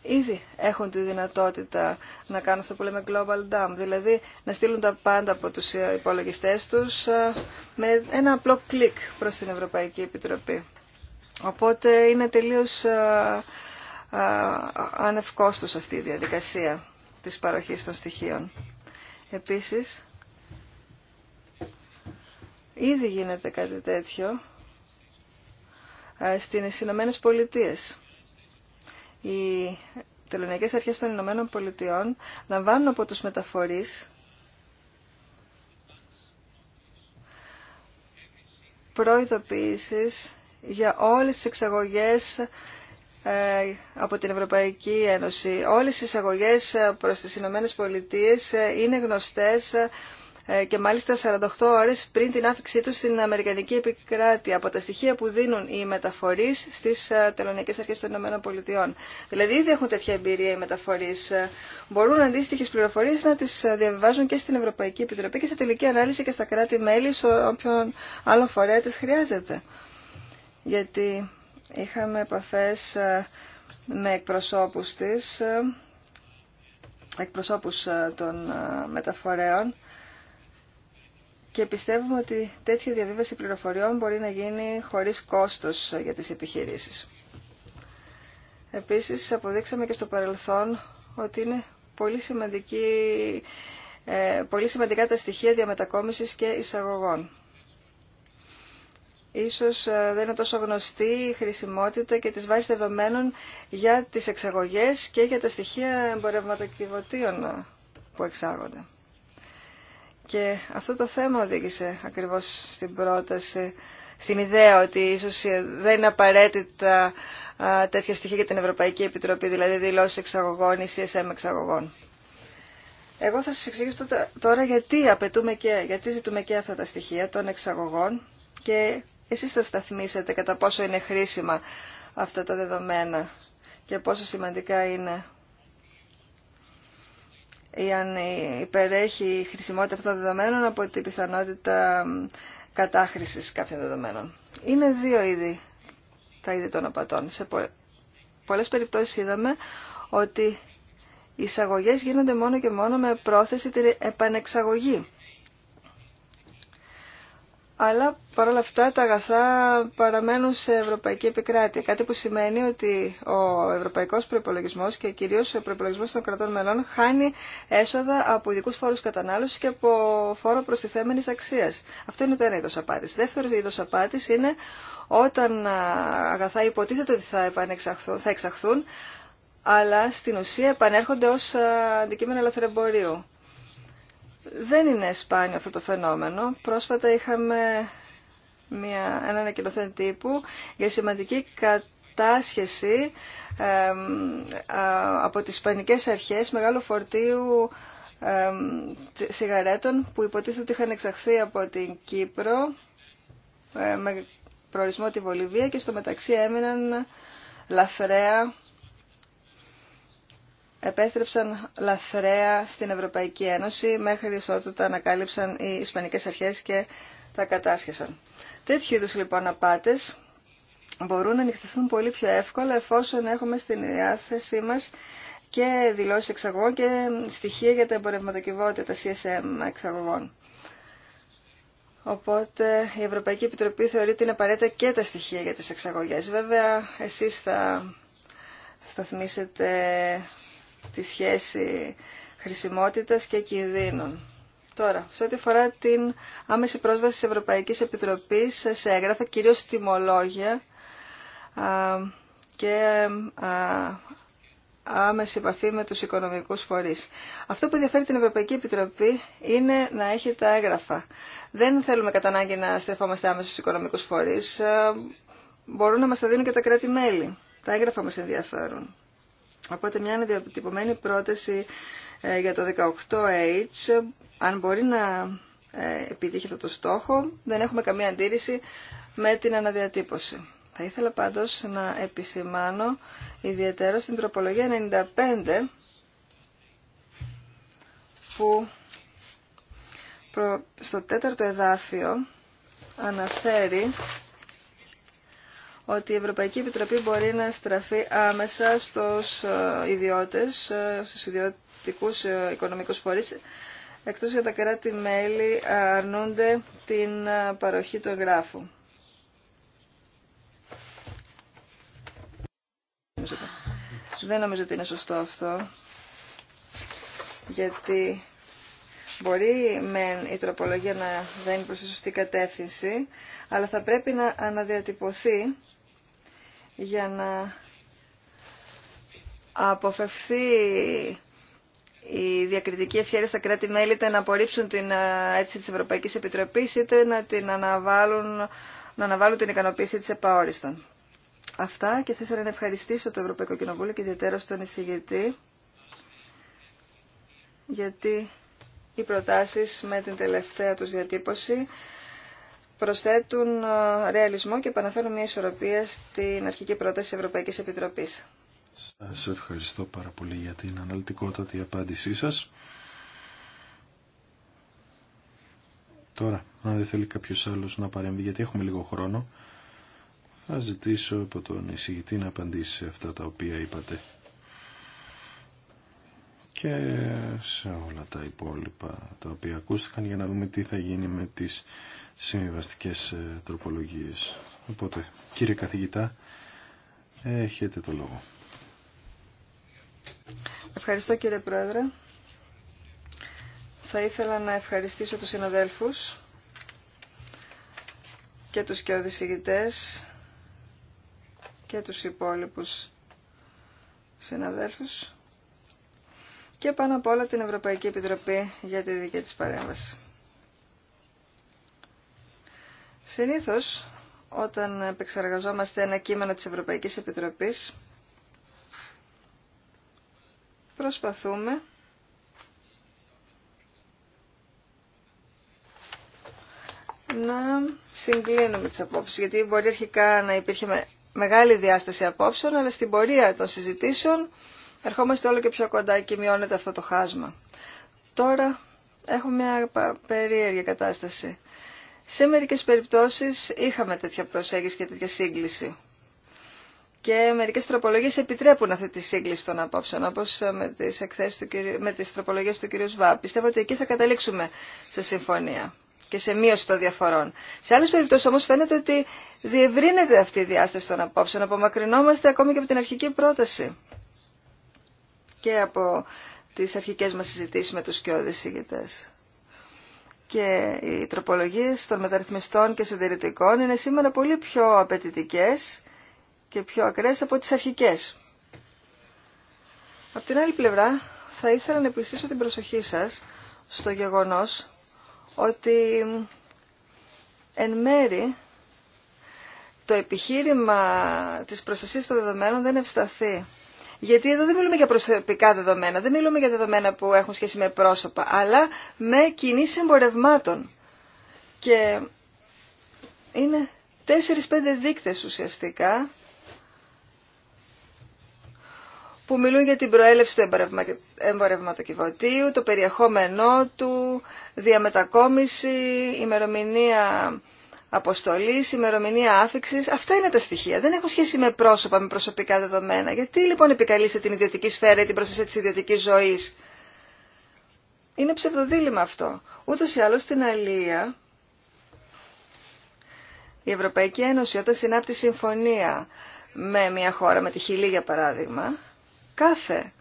ήδη έχουν τη δυνατότητα να κάνουν αυτό που λέμε global dump, δηλαδή να στείλουν τα πάντα από τους υπολογιστές τους ε, με ένα απλό κλικ προς την Ευρωπαϊκή Επιτροπή. Οπότε είναι τελείως ε, ε, ανευκόστος αυτή η διαδικασία της παροχής των στοιχείων. Επίσης, ήδη γίνεται κάτι τέτοιο ε, στις Ηνωμένες Πολιτείες. Οι τελωνιακές αρχές των Ηνωμένων Πολιτειών λαμβάνουν από τους μεταφορείς προειδοποιήσεις για όλες τις εξαγωγές ε, από την Ευρωπαϊκή Ένωση. Όλες οι εισαγωγές ε, προς τις Ηνωμένε Πολιτείες ε, είναι γνωστές και μάλιστα 48 ώρες πριν την άφηξή τους στην Αμερικανική επικράτεια από τα στοιχεία που δίνουν οι μεταφορείς στις τελωνιακές αρχές των Ηνωμένων Πολιτειών. Δηλαδή ήδη έχουν τέτοια εμπειρία οι μεταφορείς. Μπορούν αντίστοιχες πληροφορίες να τις διαβιβάζουν και στην Ευρωπαϊκή Επιτροπή και σε τελική ανάλυση και στα κράτη-μέλη σε όποιον άλλο φορέα τις χρειάζεται γιατί είχαμε επαφές ε, με εκπροσώπους της, ε, εκπροσώπους ε, των μεταφορέων και πιστεύουμε ότι τέτοια διαβίβαση πληροφοριών μπορεί να γίνει χωρίς κόστος για τις επιχειρήσεις. Επίσης αποδείξαμε και στο παρελθόν ότι είναι πολύ, σημαντική, πολύ σημαντικά τα στοιχεία διαμετακόμισης και εισαγωγών ίσως ε, δεν είναι τόσο γνωστή η χρησιμότητα και τις βάσεις δεδομένων για τις εξαγωγές και για τα στοιχεία εμπορευματοκιβωτίων που εξάγονται. Και αυτό το θέμα οδήγησε ακριβώς στην πρόταση, στην ιδέα ότι ίσως ε, δεν είναι απαραίτητα τέτοια στοιχεία για την Ευρωπαϊκή Επιτροπή, δηλαδή δηλώσεις εξαγωγών ή CSM εξαγωγών. Εγώ θα σας εξηγήσω τώρα γιατί απαιτούμε και, γιατί ζητούμε και αυτά τα στοιχεία των εξαγωγών και εσείς θα σταθμίσετε κατά πόσο είναι χρήσιμα αυτά τα δεδομένα και πόσο σημαντικά είναι ή αν υπερέχει η χρησιμότητα αυτών των δεδομένων από την πιθανότητα κατάχρησης κάποιων δεδομένων. Είναι δύο είδη τα είδη των απατών. Σε πολλές περιπτώσεις είδαμε ότι οι εισαγωγές γίνονται μόνο και μόνο με πρόθεση την επανεξαγωγή αλλά παρόλα αυτά τα αγαθά παραμένουν σε ευρωπαϊκή επικράτεια. Κάτι που σημαίνει ότι ο Ευρωπαϊκό Προπολογισμό και κυρίω ο προϋπολογισμός των κρατών μελών χάνει έσοδα από ειδικού φόρου κατανάλωση και από φόρο προστιθέμενης αξία. Αυτό είναι το ένα είδο απάτης. Δεύτερο είδο απάτης είναι όταν αγαθά υποτίθεται ότι θα, θα εξαχθούν, αλλά στην ουσία επανέρχονται ω αντικείμενα λαθρεμπορίου. Δεν είναι σπάνιο αυτό το φαινόμενο. Πρόσφατα είχαμε μια, ένα ανακοινωθέν τύπου για σημαντική κατάσχεση από τις Ισπανικές αρχές μεγάλου φορτίου σιγαρέτων που υποτίθεται ότι είχαν εξαχθεί από την Κύπρο ε, με προορισμό τη Βολιβία και στο μεταξύ έμειναν λαθρέα επέστρεψαν λαθρέα στην Ευρωπαϊκή Ένωση μέχρι ότου τα ανακάλυψαν οι Ισπανικές αρχές και τα κατάσχεσαν. Τέτοιου είδους λοιπόν απάτες μπορούν να ανοιχθούν πολύ πιο εύκολα εφόσον έχουμε στην διάθεσή μας και δηλώσει εξαγωγών και στοιχεία για τα εμπορευματοκιβώτια, τα CSM εξαγωγών. Οπότε η Ευρωπαϊκή Επιτροπή θεωρεί ότι είναι απαραίτητα και τα στοιχεία για τις εξαγωγές. Βέβαια, εσείς θα σταθμίσετε τη σχέση χρησιμότητας και κινδύνων. Τώρα, σε ό,τι αφορά την άμεση πρόσβαση της Ευρωπαϊκής Επιτροπής σε έγγραφα, κυρίως τιμολόγια και άμεση επαφή με τους οικονομικούς φορείς. Αυτό που ενδιαφέρει την Ευρωπαϊκή Επιτροπή είναι να έχει τα έγγραφα. Δεν θέλουμε κατά ανάγκη να στρεφόμαστε άμεσα στους οικονομικούς φορείς. Μπορούν να μας τα δίνουν και τα κράτη-μέλη. Τα έγγραφα μας ενδιαφέρουν. Οπότε μια αναδιατυπωμένη πρόταση ε, για το 18H, αν μπορεί να ε, επιτύχει αυτό το στόχο, δεν έχουμε καμία αντίρρηση με την αναδιατύπωση. Θα ήθελα πάντως να επισημάνω ιδιαίτερα στην τροπολογία 95 που στο τέταρτο εδάφιο αναφέρει ότι η Ευρωπαϊκή Επιτροπή μπορεί να στραφεί άμεσα στους ε, ιδιώτες, ε, στους ιδιωτικούς ε, οικονομικούς φορείς, εκτός για τα κράτη-μέλη αρνούνται την παροχή του εγγράφου. Δεν νομίζω ότι είναι σωστό αυτό, γιατί μπορεί με η τροπολογία να δεν προς τη σωστή κατεύθυνση, αλλά θα πρέπει να αναδιατυπωθεί για να αποφευθεί η διακριτική ευχαίρεια στα κράτη-μέλη είτε να απορρίψουν την ε, αίτηση της Ευρωπαϊκής Επιτροπής είτε να την αναβάλουν, να αναβάλουν την ικανοποίηση της επαόριστον. Αυτά και θα ήθελα να ευχαριστήσω το Ευρωπαϊκό Κοινοβούλιο και ιδιαίτερα στον εισηγητή γιατί οι προτάσεις με την τελευταία τους διατύπωση προσθέτουν ε, ρεαλισμό και επαναφέρουν μια ισορροπία στην αρχική πρόταση της Ευρωπαϊκής Επιτροπής. Σας ευχαριστώ πάρα πολύ για την αναλυτικότατη απάντησή σας. Τώρα, αν δεν θέλει κάποιος άλλος να παρέμβει, γιατί έχουμε λίγο χρόνο, θα ζητήσω από τον εισηγητή να απαντήσει σε αυτά τα οποία είπατε και σε όλα τα υπόλοιπα τα οποία ακούστηκαν για να δούμε τι θα γίνει με τις συμβιβαστικές ε, τροπολογίες. Οπότε, κύριε καθηγητά, έχετε το λόγο. Ευχαριστώ κύριε Πρόεδρε. Θα ήθελα να ευχαριστήσω τους συναδέλφους και τους και οδησυγητές και τους υπόλοιπους συναδέλφους και πάνω απ' όλα την Ευρωπαϊκή Επιτροπή για τη δική της παρέμβαση. Συνήθως, όταν επεξεργαζόμαστε ένα κείμενο της Ευρωπαϊκής Επιτροπής, προσπαθούμε να συγκλίνουμε τις απόψεις, γιατί μπορεί αρχικά να υπήρχε μεγάλη διάσταση απόψεων, αλλά στην πορεία των συζητήσεων ερχόμαστε όλο και πιο κοντά και μειώνεται αυτό το χάσμα. Τώρα έχουμε μια περίεργη κατάσταση. Σε μερικές περιπτώσεις είχαμε τέτοια προσέγγιση και τέτοια σύγκληση. Και μερικέ τροπολογίε επιτρέπουν αυτή τη σύγκληση των απόψεων, όπω με τι τροπολογίε του κυρίου, με τροπολογίες του κυρίου Σβά. Πιστεύω ότι εκεί θα καταλήξουμε σε συμφωνία και σε μείωση των διαφορών. Σε άλλε περιπτώσει όμω φαίνεται ότι διευρύνεται αυτή η διάσταση των απόψεων, απομακρυνόμαστε ακόμη και από την αρχική πρόταση και από τι αρχικέ μα συζητήσει με τους κοιόδε ηγητέ και οι τροπολογίες των μεταρρυθμιστών και συντηρητικών είναι σήμερα πολύ πιο απαιτητικέ και πιο ακραίες από τις αρχικές. Απ' την άλλη πλευρά θα ήθελα να επιστήσω την προσοχή σας στο γεγονός ότι εν μέρη το επιχείρημα της προστασίας των δεδομένων δεν ευσταθεί γιατί εδώ δεν μιλούμε για προσωπικά δεδομένα, δεν μιλούμε για δεδομένα που έχουν σχέση με πρόσωπα, αλλά με κινήσεις εμπορευμάτων. Και είναι 4-5 δείκτες ουσιαστικά που μιλούν για την προέλευση του εμπορευματοκιβωτίου, το περιεχόμενό του, διαμετακόμιση, ημερομηνία Αποστολή, ημερομηνία άφηξη, Αυτά είναι τα στοιχεία. Δεν έχουν σχέση με πρόσωπα, με προσωπικά δεδομένα. Γιατί λοιπόν επικαλείστε την ιδιωτική σφαίρα ή την προστασία της ιδιωτικής ζωής. Είναι ψευδοδήλημα αυτό. Ούτως ή άλλως στην Αλία η Ευρωπαϊκή Ένωση όταν συνάπτει συμφωνία με μια χώρα, με τη Χιλή για παράδειγμα, κάθε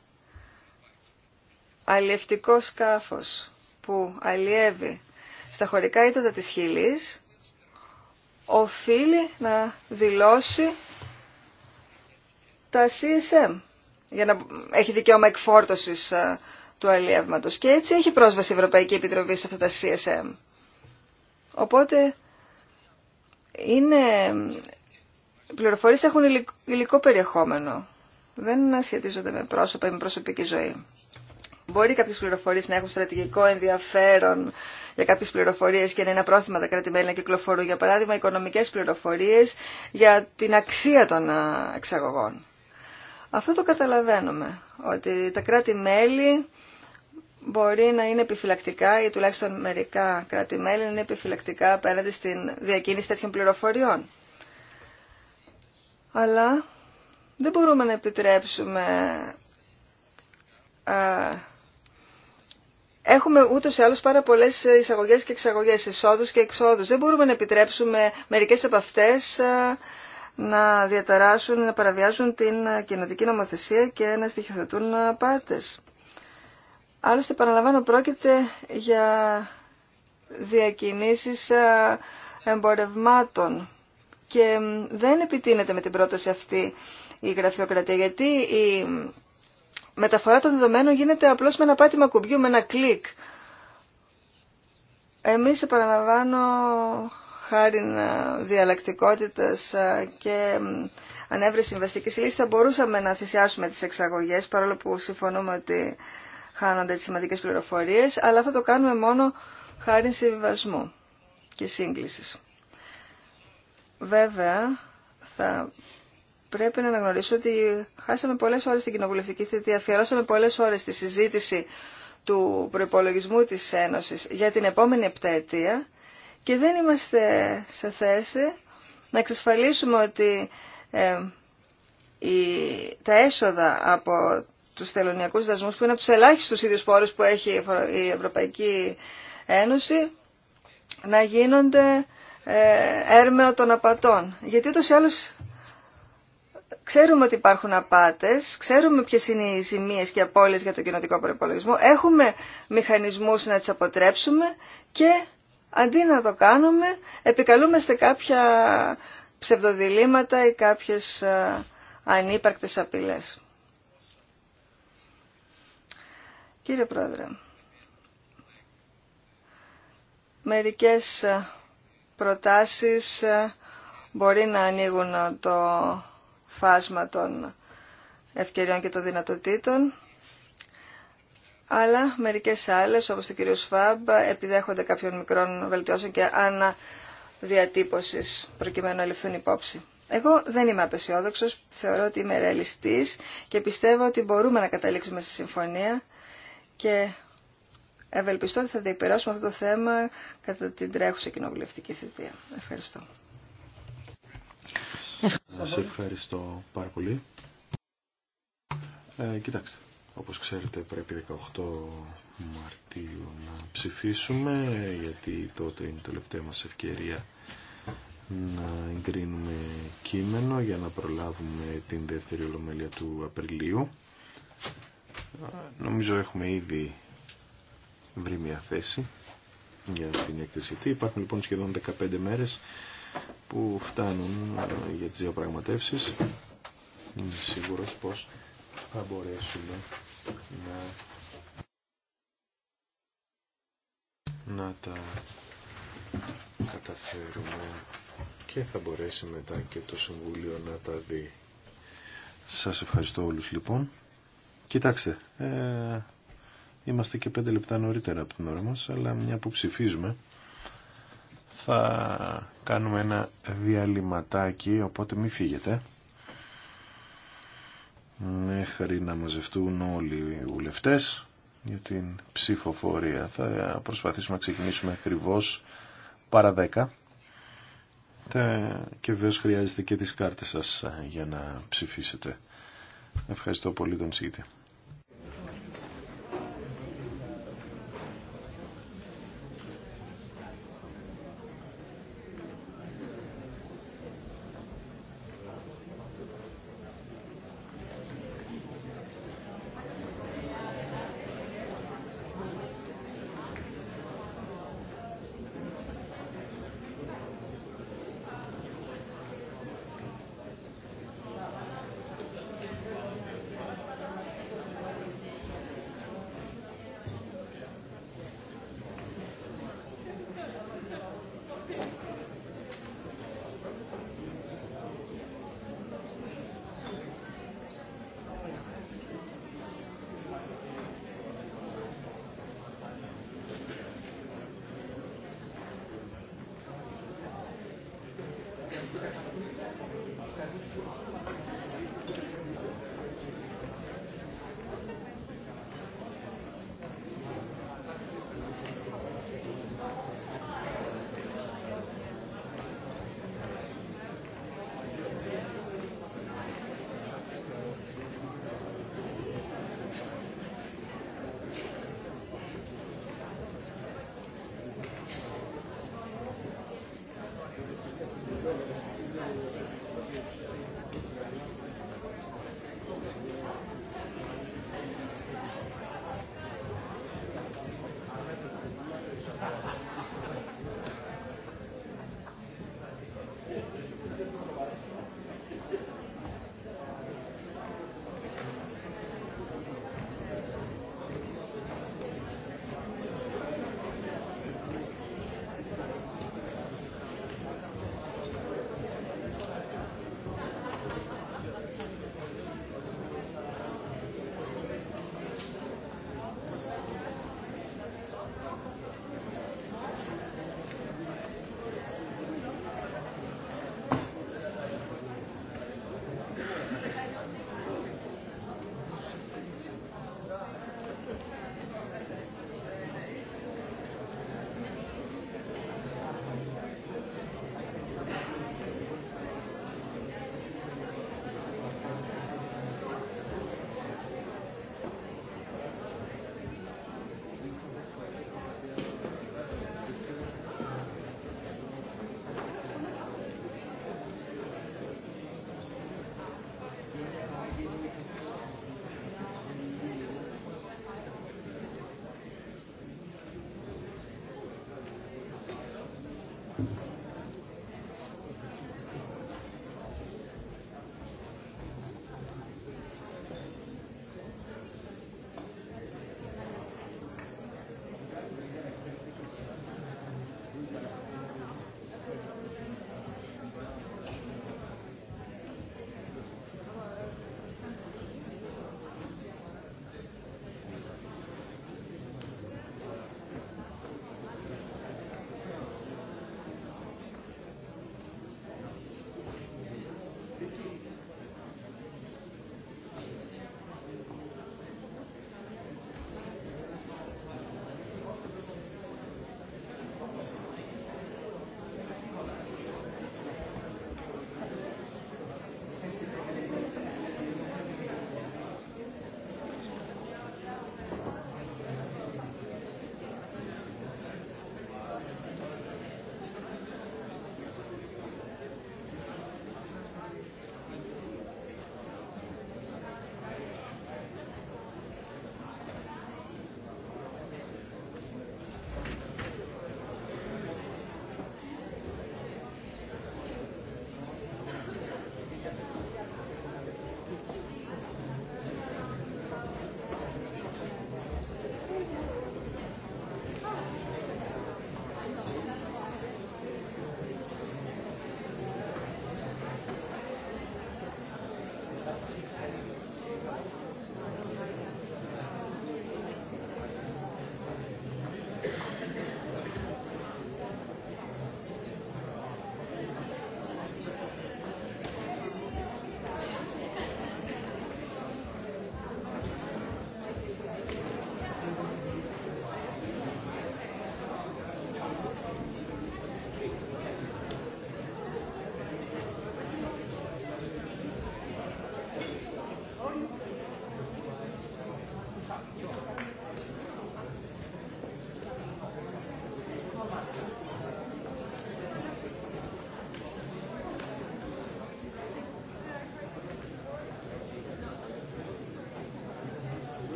αλλιευτικό σκάφος που αλλιεύει στα χωρικά ήττα της Χιλής οφείλει να δηλώσει τα CSM για να έχει δικαίωμα εκφόρτωσης ε, του αλλιεύματος. Και έτσι έχει πρόσβαση η Ευρωπαϊκή Επιτροπή σε αυτά τα CSM. Οπότε είναι... πληροφορίες έχουν υλικό περιεχόμενο. Δεν σχετίζονται με πρόσωπα ή με προσωπική ζωή. Μπορεί κάποιες πληροφορίες να έχουν στρατηγικό ενδιαφέρον για κάποιες πληροφορίες και να είναι πρόθυμα τα κράτη-μέλη να κυκλοφορούν. Για παράδειγμα, οικονομικές πληροφορίες για την αξία των εξαγωγών. Αυτό το καταλαβαίνουμε, ότι τα κράτη-μέλη μπορεί να είναι επιφυλακτικά ή τουλάχιστον μερικά κράτη-μέλη είναι επιφυλακτικά απέναντι στην διακίνηση τέτοιων πληροφοριών. Αλλά δεν μπορούμε να επιτρέψουμε Έχουμε ούτω ή άλλω πάρα πολλέ εισαγωγέ και εξαγωγέ, εσόδου και εξόδου. Δεν μπορούμε να επιτρέψουμε μερικέ από αυτέ ε, να διαταράσουν, να παραβιάζουν την κοινοτική νομοθεσία και να στοιχειοθετούν ε, απάτε. Άλλωστε, παραλαμβάνω, πρόκειται για διακινήσεις ε, εμπορευμάτων και δεν επιτείνεται με την πρόταση αυτή η γραφειοκρατία γιατί η μεταφορά των δεδομένων γίνεται απλώς με ένα πάτημα κουμπιού, με ένα κλικ. Εμείς, επαναλαμβάνω, χάρη διαλλακτικότητας και ανέβρεση συμβαστική λύση θα μπορούσαμε να θυσιάσουμε τις εξαγωγές παρόλο που συμφωνούμε ότι χάνονται τις σημαντικές πληροφορίες αλλά αυτό το κάνουμε μόνο χάρη συμβασμού και σύγκλησης. Βέβαια θα πρέπει να αναγνωρίσω ότι χάσαμε πολλές ώρες στην κοινοβουλευτική θητεία, αφιερώσαμε πολλές ώρες στη συζήτηση του προπολογισμού της Ένωσης για την επόμενη επταετία και δεν είμαστε σε θέση να εξασφαλίσουμε ότι ε, η, τα έσοδα από τους θελωνιακούς δασμούς που είναι από τους ελάχιστους ίδιους πόρους που έχει η Ευρωπαϊκή Ένωση να γίνονται ε, έρμεο των απατών. Γιατί ούτως ή άλλως Ξέρουμε ότι υπάρχουν απάτες, ξέρουμε ποιε είναι οι ζημίε και απώλειες για τον κοινοτικό προϋπολογισμό, έχουμε μηχανισμούς να τις αποτρέψουμε και αντί να το κάνουμε επικαλούμαστε κάποια ψευδοδιλήμματα ή κάποιες ανύπαρκτες απειλέ. Κύριε Πρόεδρε, μερικές προτάσεις μπορεί να ανοίγουν το φάσμα των ευκαιριών και των δυνατοτήτων. Αλλά μερικές άλλες, όπως το κύριο Σφάμπ, επιδέχονται κάποιων μικρών βελτιώσεων και αναδιατύπωση προκειμένου να ληφθούν υπόψη. Εγώ δεν είμαι απεσιόδοξο, θεωρώ ότι είμαι ρεαλιστή και πιστεύω ότι μπορούμε να καταλήξουμε στη συμφωνία και ευελπιστώ ότι θα διαπεράσουμε αυτό το θέμα κατά την τρέχουσα κοινοβουλευτική θητεία. Ευχαριστώ. Σα ευχαριστώ πάρα πολύ. Ε, κοιτάξτε, όπως ξέρετε πρέπει 18 Μαρτίου να ψηφίσουμε γιατί τότε είναι η τελευταία μας ευκαιρία να εγκρίνουμε κείμενο για να προλάβουμε την δεύτερη ολομέλεια του Απριλίου. Ε, νομίζω έχουμε ήδη βρει μια θέση για την έκθεση Υπάρχουν λοιπόν σχεδόν 15 μέρες που φτάνουν ε, για τις διαπραγματεύσεις. Είμαι σίγουρος πως θα μπορέσουμε να, να τα καταφέρουμε και θα μπορέσει μετά και το Συμβούλιο να τα δει. Σας ευχαριστώ όλους λοιπόν. Κοιτάξτε, ε, είμαστε και πέντε λεπτά νωρίτερα από την ώρα μας, αλλά μια που ψηφίζουμε θα κάνουμε ένα διαλυματάκι, οπότε μη φύγετε. Μέχρι να μαζευτούν όλοι οι βουλευτές για την ψηφοφορία. Θα προσπαθήσουμε να ξεκινήσουμε ακριβώ παρά 10. Και βέβαια χρειάζεται και τις κάρτες σας για να ψηφίσετε. Ευχαριστώ πολύ τον Σίτη.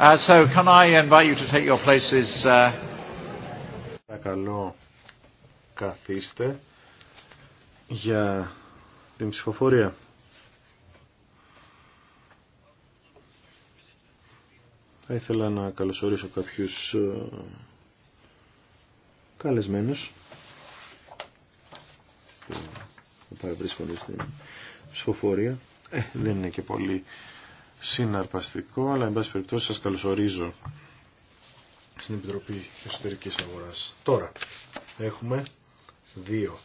Uh, to take your places, uh, Παρακαλώ καθίστε για την ψηφοφορία. Θα ήθελα να καλωσορίσω κάποιους ε, καλεσμένους που βρίσκονται στην ψηφοφορία. Ε, δεν είναι και πολύ συναρπαστικό, αλλά εν πάση περιπτώσει σας καλωσορίζω στην Επιτροπή Εσωτερικής Αγοράς. Τώρα έχουμε δύο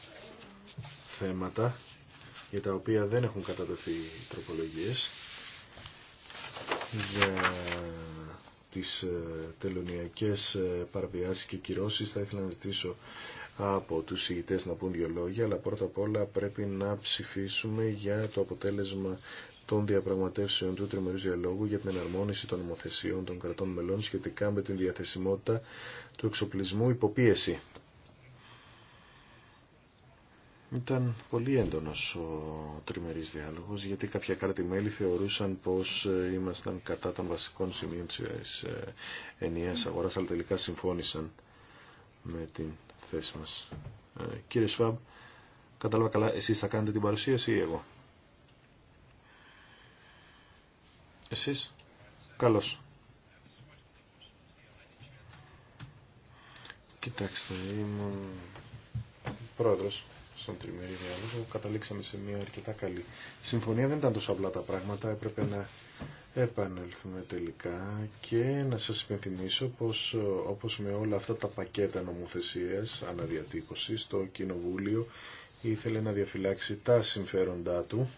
θέματα για τα οποία δεν έχουν κατατεθεί τροπολογίες για τις ε, τελωνιακές ε, παραβιάσεις και κυρώσεις θα ήθελα να ζητήσω από τους ηγητές να πούν δύο λόγια αλλά πρώτα απ' όλα πρέπει να ψηφίσουμε για το αποτέλεσμα των διαπραγματεύσεων του τριμερού διαλόγου για την εναρμόνιση των νομοθεσιών των κρατών μελών σχετικά με την διαθεσιμότητα του εξοπλισμού υποπίεση. Ήταν πολύ έντονος ο τριμερής διάλογος γιατί κάποια κράτη-μέλη θεωρούσαν πως ήμασταν κατά των βασικών σημείων της ε, ενιαίας αγοράς αλλά τελικά συμφώνησαν με την θέση μας. Ε, κύριε Σφάμπ, κατάλαβα καλά, εσείς θα κάνετε την παρουσίαση ή εγώ. Εσείς. Καλώς. Κοιτάξτε, ήμουν πρόεδρος στον τριμερή διάλογο. Καταλήξαμε σε μια αρκετά καλή συμφωνία. Δεν ήταν τόσο απλά τα πράγματα. Έπρεπε να επανέλθουμε τελικά και να σας υπενθυμίσω πως όπως με όλα αυτά τα πακέτα νομοθεσίες αναδιατύπωσης το Κοινοβούλιο ήθελε να διαφυλάξει τα συμφέροντά του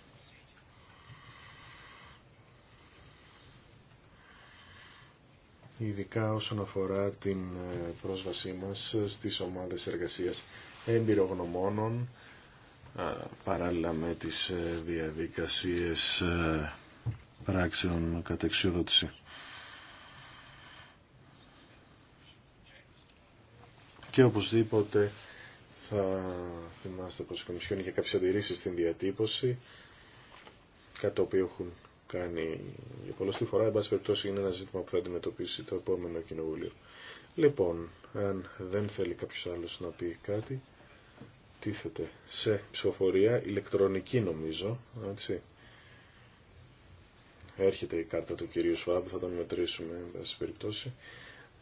ειδικά όσον αφορά την ε, πρόσβασή μας στις ομάδες εργασίας εμπειρογνωμόνων παράλληλα με τις ε, διαδικασίες ε, πράξεων κατεξιοδότηση. Και οπωσδήποτε θα θυμάστε πως η Κομισιόν είχε κάποιες αντιρρήσεις στην διατύπωση, κατά έχουν κάνει για πολλωστή φορά, εν πάση περιπτώσει είναι ένα ζήτημα που θα αντιμετωπίσει το επόμενο κοινοβούλιο. Λοιπόν, αν δεν θέλει κάποιο άλλο να πει κάτι, τίθεται σε ψηφοφορία ηλεκτρονική νομίζω, έτσι. Έρχεται η κάρτα του κυρίου Σουάμπ, θα τον μετρήσουμε, εν πάση περιπτώσει.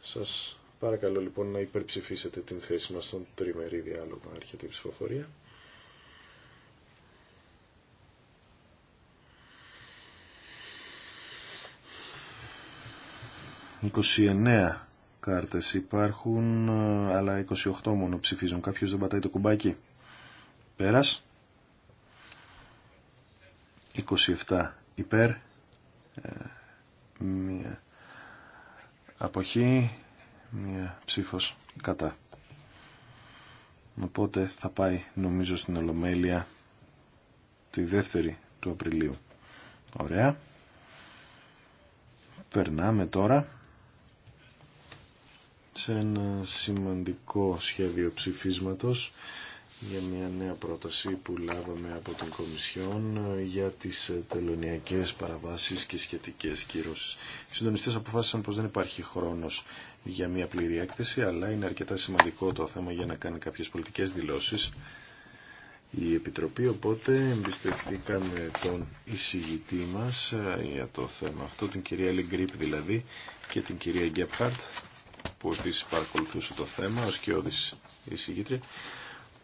Σας παρακαλώ λοιπόν να υπερψηφίσετε την θέση μας στον τριμερή διάλογο, έρχεται η ψηφοφορία. 29 κάρτες υπάρχουν, αλλά 28 μόνο ψηφίζουν. Κάποιος δεν πατάει το κουμπάκι. Πέρας. 27 υπέρ. Ε, μία αποχή, μία ψήφος κατά. Οπότε θα πάει νομίζω στην Ολομέλεια τη δεύτερη του Απριλίου. Ωραία. Περνάμε τώρα σε ένα σημαντικό σχέδιο ψηφίσματος για μια νέα πρόταση που λάβαμε από την Κομισιόν για τις τελωνιακές παραβάσεις και σχετικές κυρώσεις. Οι συντονιστές αποφάσισαν πως δεν υπάρχει χρόνος για μια πλήρη έκθεση, αλλά είναι αρκετά σημαντικό το θέμα για να κάνει κάποιες πολιτικές δηλώσεις η Επιτροπή, οπότε εμπιστευτήκαμε τον εισηγητή μας για το θέμα αυτό, την κυρία Λιγκρίπ δηλαδή και την κυρία Γκέπχαρτ που επίσης παρακολουθούσε το θέμα ως και εισηγήτρια.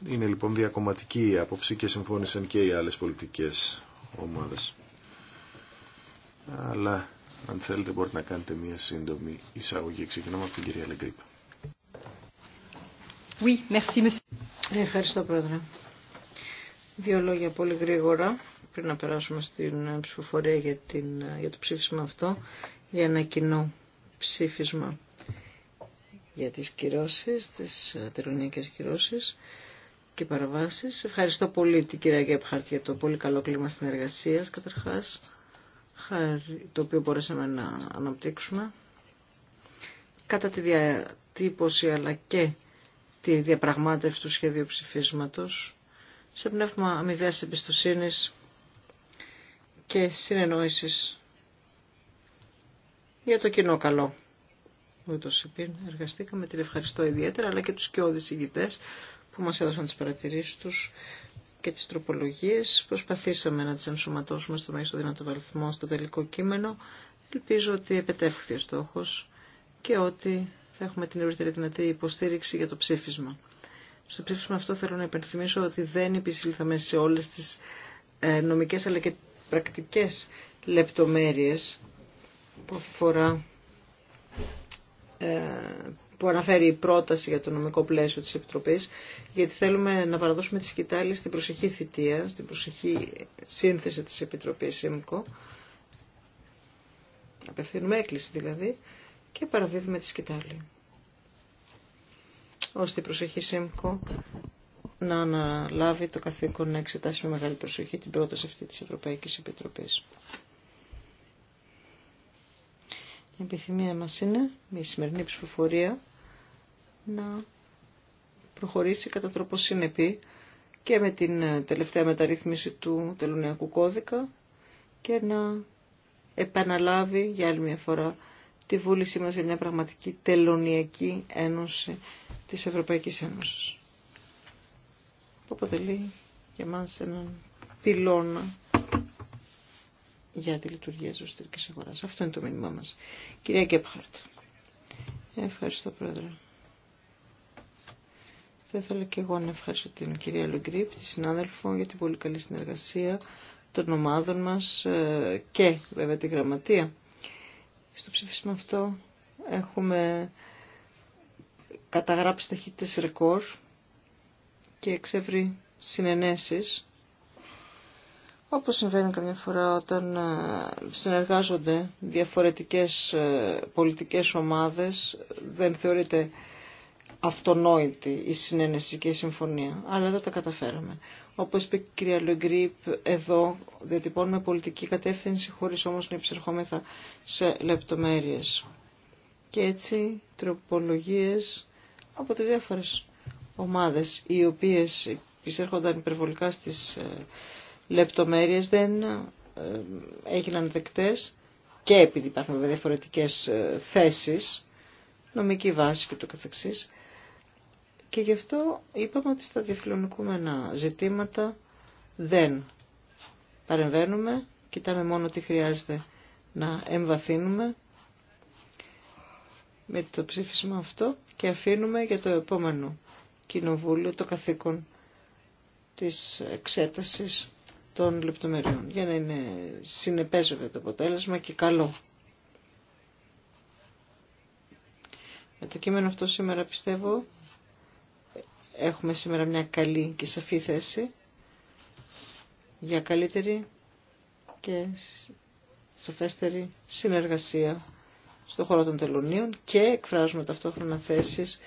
Είναι λοιπόν διακομματική η άποψη και συμφώνησαν και οι άλλες πολιτικές ομάδες. Αλλά αν θέλετε μπορείτε να κάνετε μια σύντομη εισαγωγή. Ξεκινάμε από την κυρία Λεγκρίπ. Oui, merci, monsieur. Ευχαριστώ πρόεδρε. Δύο λόγια πολύ γρήγορα πριν να περάσουμε στην ψηφοφορία για, την, για το ψήφισμα αυτό για ένα κοινό ψήφισμα για τις κυρώσεις, τις τελωνιακές κυρώσεις και παραβάσεις. Ευχαριστώ πολύ την κυρία Γκέπχαρτ για το πολύ καλό κλίμα συνεργασίας καταρχάς, το οποίο μπορέσαμε να αναπτύξουμε. Κατά τη διατύπωση αλλά και τη διαπραγμάτευση του σχέδιου ψηφίσματος, σε πνεύμα αμοιβαίας εμπιστοσύνης και συνεννόησης για το κοινό καλό με το ΣΥΠΗΝ εργαστήκαμε. Την ευχαριστώ ιδιαίτερα, αλλά και τους κοιόδης ηγητές που μας έδωσαν τις παρατηρήσεις τους και τις τροπολογίες. Προσπαθήσαμε να τις ενσωματώσουμε στο μέγιστο δυνατό βαθμό στο τελικό κείμενο. Ελπίζω ότι επετεύχθη ο στόχος και ότι θα έχουμε την ευρύτερη δυνατή υποστήριξη για το ψήφισμα. Στο ψήφισμα αυτό θέλω να υπενθυμίσω ότι δεν επισήλθαμε σε όλες τις ε, νομικές αλλά και πρακτικές λεπτομέρειες που αφορά ε, που αναφέρει η πρόταση για το νομικό πλαίσιο της Επιτροπής, γιατί θέλουμε να παραδώσουμε τη σκητάλη στην προσεχή θητεία, στην προσεχή σύνθεση της Επιτροπής ΣΥΜΚΟ. Απευθύνουμε έκκληση δηλαδή και παραδίδουμε τη σκητάλη. Ώστε η προσεχή ΣΥΜΚΟ να αναλάβει το καθήκον να εξετάσει με μεγάλη προσοχή την πρόταση αυτή της Ευρωπαϊκής Επιτροπής. Η επιθυμία μας είναι η σημερινή ψηφοφορία να προχωρήσει κατά τρόπο συνεπή και με την ε, τελευταία μεταρρύθμιση του τελωνιακού κώδικα και να επαναλάβει για άλλη μια φορά τη βούλησή μας για μια πραγματική τελωνιακή ένωση της Ευρωπαϊκής Ένωσης. Που αποτελεί για μας έναν πυλώνα για τη λειτουργία της εσωτερικής αγοράς. Αυτό είναι το μήνυμά μας. Κυρία Γκέπχαρτ. Ευχαριστώ Πρόεδρε. Θα ήθελα και εγώ να ευχαριστώ την κυρία Λογκρίπ, τη συνάδελφο, για την πολύ καλή συνεργασία των ομάδων μας ε, και βέβαια τη γραμματεία. Στο ψήφισμα αυτό έχουμε καταγράψει ταχύτητες ρεκόρ και εξεύρει συνενέσεις όπως συμβαίνει καμιά φορά όταν ε, συνεργάζονται διαφορετικές ε, πολιτικές ομάδες, δεν θεωρείται αυτονόητη η συνένεση και η συμφωνία. Αλλά εδώ τα καταφέραμε. Όπως είπε η κυρία Λεγκρίπ, εδώ διατυπώνουμε πολιτική κατεύθυνση χωρίς όμως να υψερχόμεθα σε λεπτομέρειες. Και έτσι τροπολογίες από τις διάφορες ομάδες οι οποίες υψερχόνταν υπερβολικά στις ε, λεπτομέρειες δεν ε, έγιναν δεκτές και επειδή υπάρχουν διαφορετικές ε, θέσεις, νομική βάση και το καθεξής. Και γι' αυτό είπαμε ότι στα διαφιλονικούμενα ζητήματα δεν παρεμβαίνουμε, κοιτάμε μόνο τι χρειάζεται να εμβαθύνουμε με το ψήφισμα αυτό και αφήνουμε για το επόμενο κοινοβούλιο το καθήκον της εξέτασης των λεπτομεριών για να είναι συνεπέζευε το αποτέλεσμα και καλό. Με το κείμενο αυτό σήμερα πιστεύω έχουμε σήμερα μια καλή και σαφή θέση για καλύτερη και σαφέστερη συνεργασία στον χώρο των τελωνίων και εκφράζουμε ταυτόχρονα θέσεις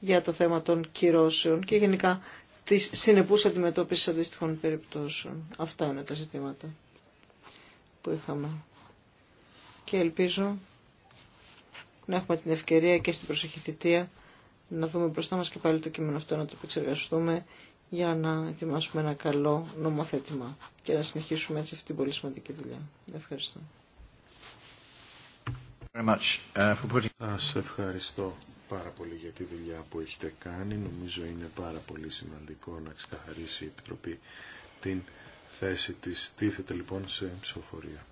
για το θέμα των κυρώσεων και γενικά τη συνεπούς αντιμετώπιση αντίστοιχων περιπτώσεων. Αυτά είναι τα ζητήματα που είχαμε. Και ελπίζω να έχουμε την ευκαιρία και στην προσεχή να δούμε μπροστά μας και πάλι το κείμενο αυτό, να το επεξεργαστούμε για να ετοιμάσουμε ένα καλό νομοθέτημα και να συνεχίσουμε έτσι αυτή την πολύ σημαντική δουλειά. Ευχαριστώ. Uh, Σας ευχαριστώ πάρα πολύ για τη δουλειά που έχετε κάνει. Νομίζω είναι πάρα πολύ σημαντικό να ξεκαθαρίσει η Επιτροπή την θέση της. Τίθεται λοιπόν σε ψηφοφορία.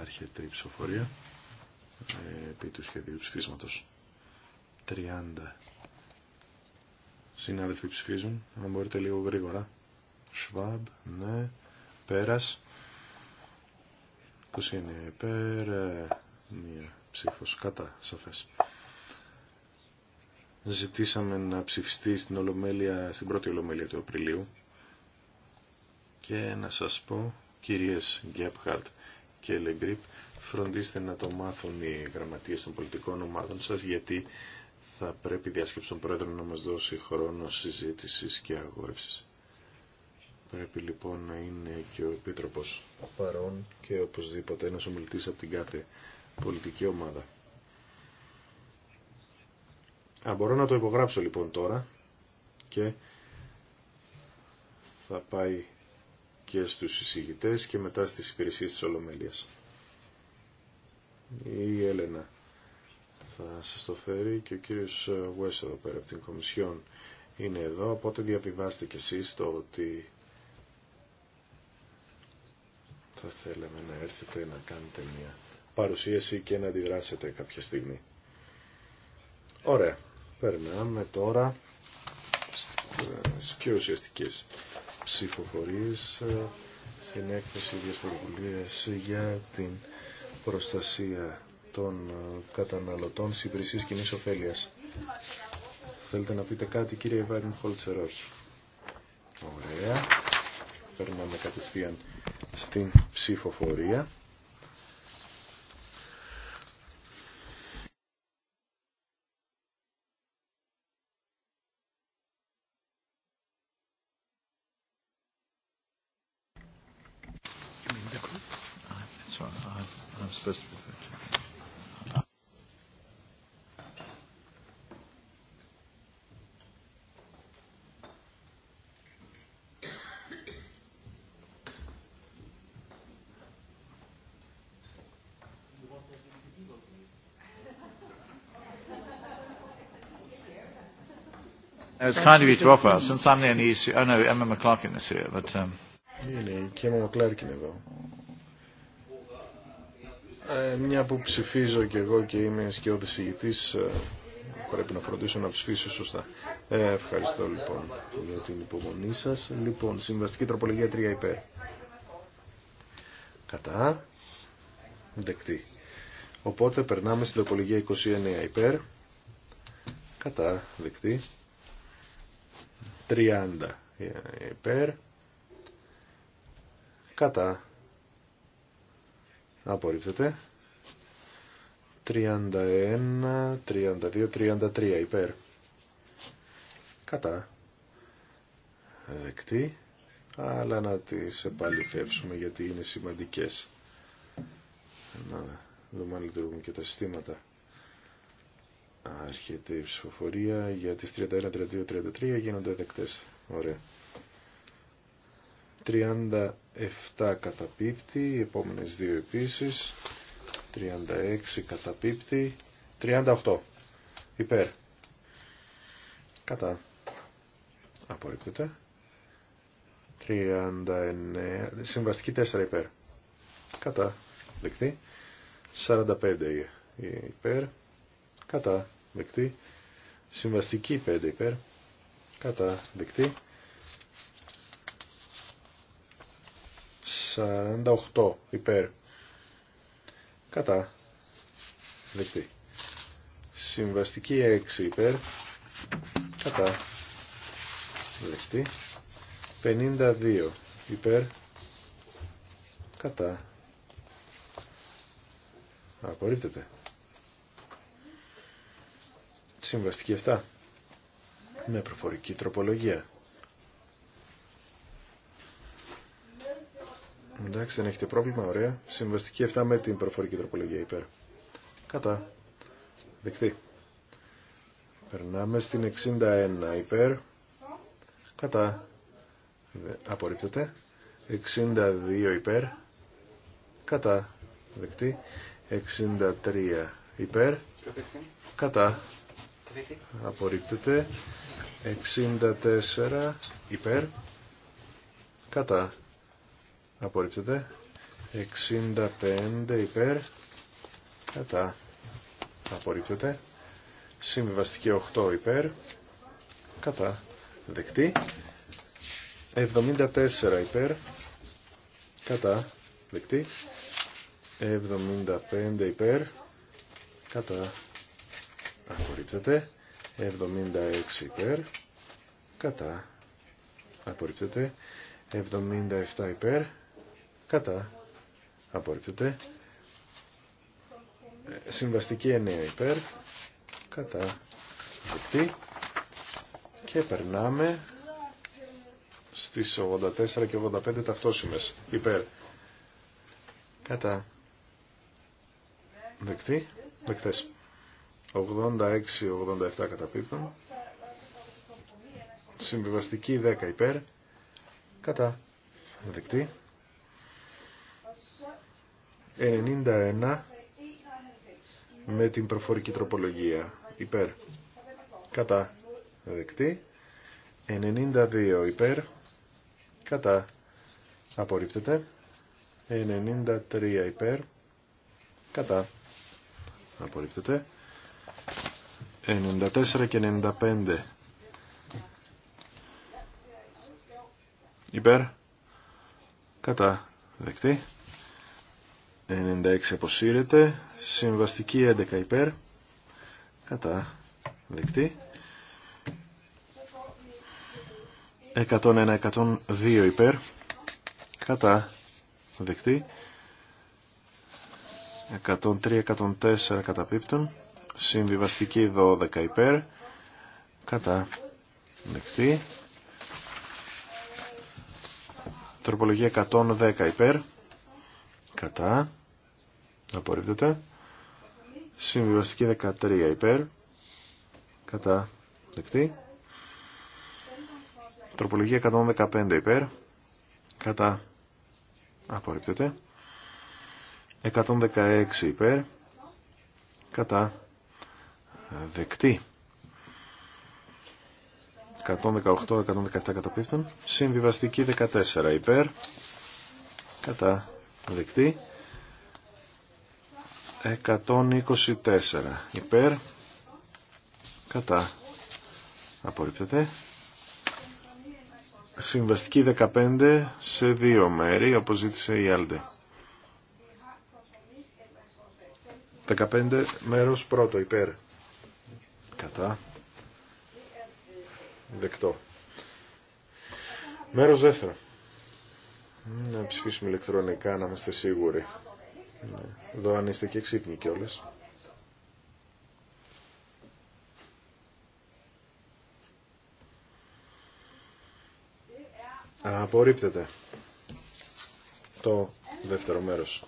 Άρχεται η ψηφοφορία ε, επί του σχεδίου ψηφίσματος. 30 συνάδελφοι ψηφίζουν. Αν μπορείτε λίγο γρήγορα. Σβάμπ, ναι. Πέρας. 29 Πέρα. Ε, μία ψήφος κατά, σαφές ζητήσαμε να ψηφιστεί στην, ολομέλεια, στην πρώτη Ολομέλεια του Απριλίου και να σας πω, κυρίες Γκέπχαρτ και Λεγκρίπ, φροντίστε να το μάθουν οι γραμματείες των πολιτικών ομάδων σας γιατί θα πρέπει η διάσκεψη των πρόεδρων να μας δώσει χρόνο συζήτησης και αγόρευσης. Πρέπει λοιπόν να είναι και ο Επίτροπος παρόν και οπωσδήποτε ένας ομιλητής από την κάθε πολιτική ομάδα. Α, μπορώ να το υπογράψω λοιπόν τώρα και θα πάει και στους εισηγητές και μετά στις υπηρεσίες της Ολομέλειας. Η Έλενα θα σας το φέρει και ο κύριος West πέρα από την Κομισιόν είναι εδώ, οπότε διαπιβάστε κι εσείς το ότι θα θέλαμε να έρθετε να κάνετε μια παρουσίαση και να αντιδράσετε κάποια στιγμή. Ωραία. Περνάμε τώρα στις πιο ουσιαστικές ψηφοφορίες ε, στην έκθεση διασπορβουλίας για την προστασία των ε, καταναλωτών στις υπηρεσίες κοινής ωφέλειας. Θέλετε να πείτε κάτι κύριε Βάριν Χόλτσερ, όχι. Ωραία. Περνάμε κατευθείαν στην ψηφοφορία. it's kind of you to since I'm the Oh no, Emma is here, but. Um... Ναι, ναι, είναι η εδώ. Ε, μια που ψηφίζω και εγώ και είμαι σκιώδης ηγητής, ε, πρέπει να φροντίσω να ψηφίσω σωστά. Ε, ευχαριστώ λοιπόν για την υπομονή σας. Λοιπόν, συμβαστική τροπολογία 3 υπέρ. Κατά. Δεκτή. Οπότε περνάμε στην τροπολογία 29 υπέρ. Κατά. Δεκτή. 30 υπέρ κατά απορρίπτεται 31, 32, 33 υπέρ κατά δεκτή αλλά να τις επαληθεύσουμε γιατί είναι σημαντικές να δούμε αν λειτουργούν και τα συστήματα Άρχεται η ψηφοφορία για τις 31, 32, 33 γίνονται δεκτές. Ωραία. 37 καταπίπτει, οι επόμενες δύο επίσης. 36 καταπίπτει. 38 υπέρ. Κατά. Απορρίπτεται. 39. Συμβαστική 4 υπέρ. Κατά. Δεκτή. 45 υπέρ. Κατά δεκτή. Συμβαστική 5 υπέρ, κατά δεκτή. 48 υπέρ, κατά δεκτή. Συμβαστική 6 υπέρ, κατά δεκτή. 52 υπέρ, κατά απορρίπτεται. Συμβαστική 7. Με προφορική τροπολογία. Εντάξει, δεν έχετε πρόβλημα, ωραία. Συμβαστική 7 με την προφορική τροπολογία υπέρ. Κατά. Δεκτή. Περνάμε στην 61 υπέρ. Κατά. Απορρίπτεται. 62 υπέρ. Κατά. Δεκτή. 63 υπέρ. Κατά απορρίπτεται 64 υπέρ κατά απορρίπτεται 65 υπέρ κατά απορρίπτεται συμβιβαστική 8 υπέρ κατά δεκτή 74 υπέρ κατά δεκτή 75 υπέρ κατά απορρίπτεται 76 υπέρ κατά απορρίπτεται 77 υπέρ κατά απορρίπτεται συμβαστική 9 υπέρ κατά δεκτή και περνάμε στις 84 και 85 ταυτόσιμες υπέρ κατά δεκτή δεκτές 86-87 κατά καταπίπτουν. Συμβιβαστική 10 υπέρ. Κατά. Δεκτή. 91 με την προφορική τροπολογία. Υπέρ. Κατά. Δεκτή. 92 υπέρ. Κατά. Απορρίπτεται. 93 υπέρ. Κατά. Απορρίπτεται. 94 και 95. Υπέρ. Κατά. Δεκτή. 96 αποσύρεται. Συμβαστική 11 υπέρ. Κατά. Δεκτή. 101-102 υπέρ. Κατά. Δεκτή. 103-104 καταπίπτων. Συμβιβαστική 12 υπέρ. Κατά. Δεκτή. Τροπολογία 110 υπέρ. Κατά. Απορρίπτεται. Συμβιβαστική 13 υπέρ. Κατά. Δεκτή. Τροπολογία 115 υπέρ. Κατά. Απορρίπτεται. 116 υπέρ. Κατά δεκτή. 118-117 καταπίπτων. Συμβιβαστική 14 υπέρ. Κατά δεκτή. 124 υπέρ. Κατά απορρίπτεται. Συμβαστική 15 σε δύο μέρη, όπως ζήτησε η Άλντε. 15 μέρος πρώτο υπέρ. Κατά. Δεκτό. Μέρος δεύτερο. Να ψηφίσουμε ηλεκτρονικά να είμαστε σίγουροι. Ναι. Εδώ αν είστε και ξύπνοι κιόλας. Απορρίπτεται το δεύτερο μέρος.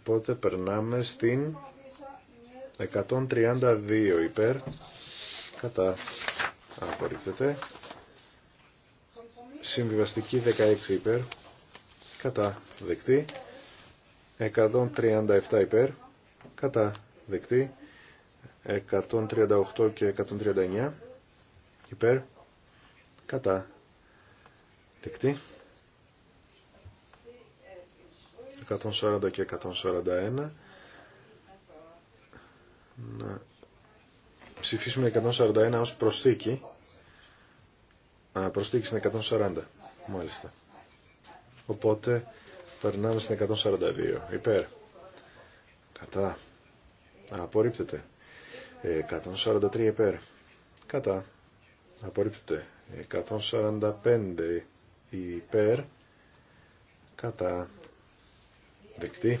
Οπότε περνάμε στην 132 υπέρ κατά απορρίπτεται συμβιβαστική 16 υπέρ κατά δεκτή 137 υπέρ κατά δεκτή 138 και 139 υπέρ κατά δεκτή 140 και 141 να ψηφίσουμε 141 ως προσθήκη. Α, προσθήκη στην 140. Μάλιστα. Οπότε περνάμε στην 142. Υπέρ. Κατά. Απορρίπτεται. 143 υπέρ. Κατά. Απορρίπτεται. 145 υπέρ. Κατά. Δεκτή.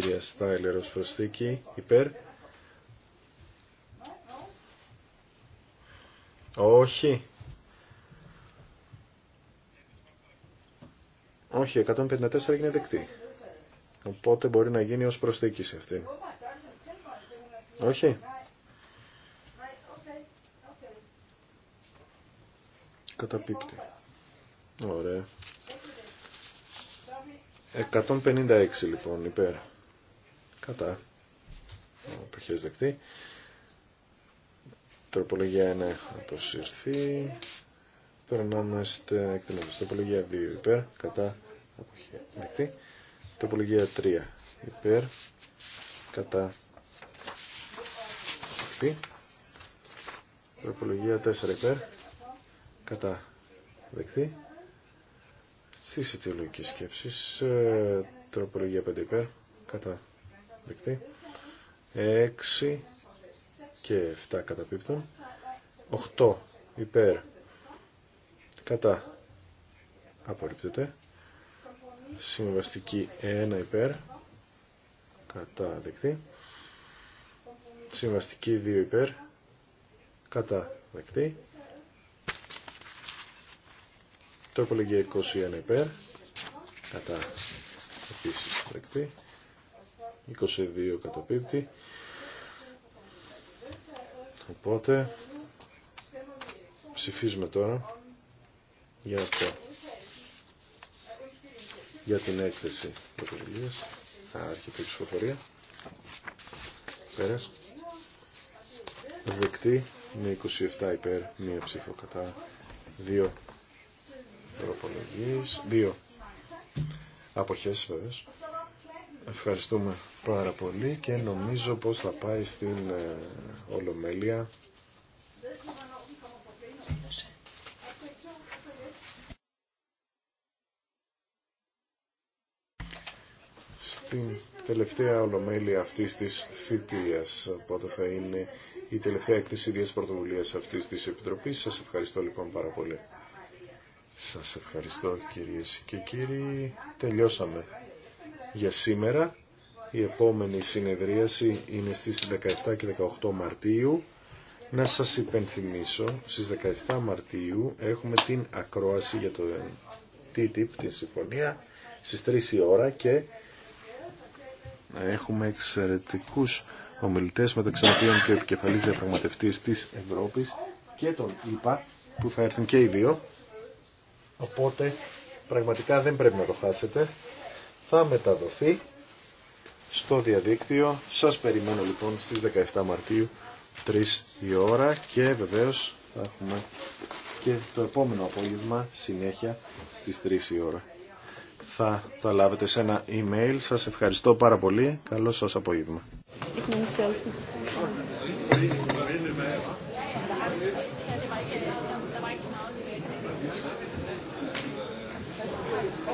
κυρία Στάιλερ ως προσθήκη υπέρ. Όχι. Όχι, 154 έγινε δεκτή. Οπότε μπορεί να γίνει ως προσθήκη σε αυτή. Όχι. Καταπίπτει. Ωραία. 156 λοιπόν υπέρ κατά αποχές δεκτή τροπολογία 1 έχει αποσυρθεί περνάμε στην εκτελεστική τροπολογία 2 υπέρ κατά αποχές δεκτή τροπολογία 3 υπέρ κατά δεκτή τροπολογία 4 υπέρ κατά δεκτή στις αιτιολογικές σκέψεις ε, τροπολογία 5 υπέρ κατά Δεκτή. 6 και 7 κατά καταπίπτουν. 8 υπέρ. Κατά. Απορρίπτεται. Συμβαστική 1 υπέρ. Κατά δεκτή. Συμβαστική 2 υπέρ. Κατά δεκτή. Το 21 υπέρ. Κατά επίσης δεκτή. 22 πίπτη Οπότε ψηφίζουμε τώρα για αυτό για την έκθεση πρωτοβουλίας. έρχεται η ψηφοφορία. Πέρας. Δεκτή με 27 υπέρ, μία ψήφο κατά, δύο τροπολογίε. δύο αποχές βέβαια. Ευχαριστούμε πάρα πολύ και νομίζω πως θα πάει στην ε, Ολομέλεια. Στην τελευταία Ολομέλεια αυτής της θητείας, πότε θα είναι η τελευταία έκθεση ίδιας πρωτοβουλίας αυτής της Επιτροπής. Σας ευχαριστώ λοιπόν πάρα πολύ. Σας ευχαριστώ κυρίες και κύριοι. Τελειώσαμε για σήμερα. Η επόμενη συνεδρίαση είναι στις 17 και 18 Μαρτίου. Να σας υπενθυμίσω, στις 17 Μαρτίου έχουμε την ακρόαση για το TTIP, την συμφωνία, στις 3 η ώρα και έχουμε εξαιρετικούς ομιλητές μεταξύ των οποίων και επικεφαλής διαπραγματευτής της Ευρώπης και τον ΙΠΑ που θα έρθουν και οι δύο. Οπότε πραγματικά δεν πρέπει να το χάσετε θα μεταδοθεί στο διαδίκτυο. Σας περιμένω λοιπόν στις 17 Μαρτίου 3 η ώρα και βεβαίως θα έχουμε και το επόμενο απόγευμα συνέχεια στις 3 η ώρα. Θα τα λάβετε σε ένα email. Σας ευχαριστώ πάρα πολύ. Καλό σας απόγευμα.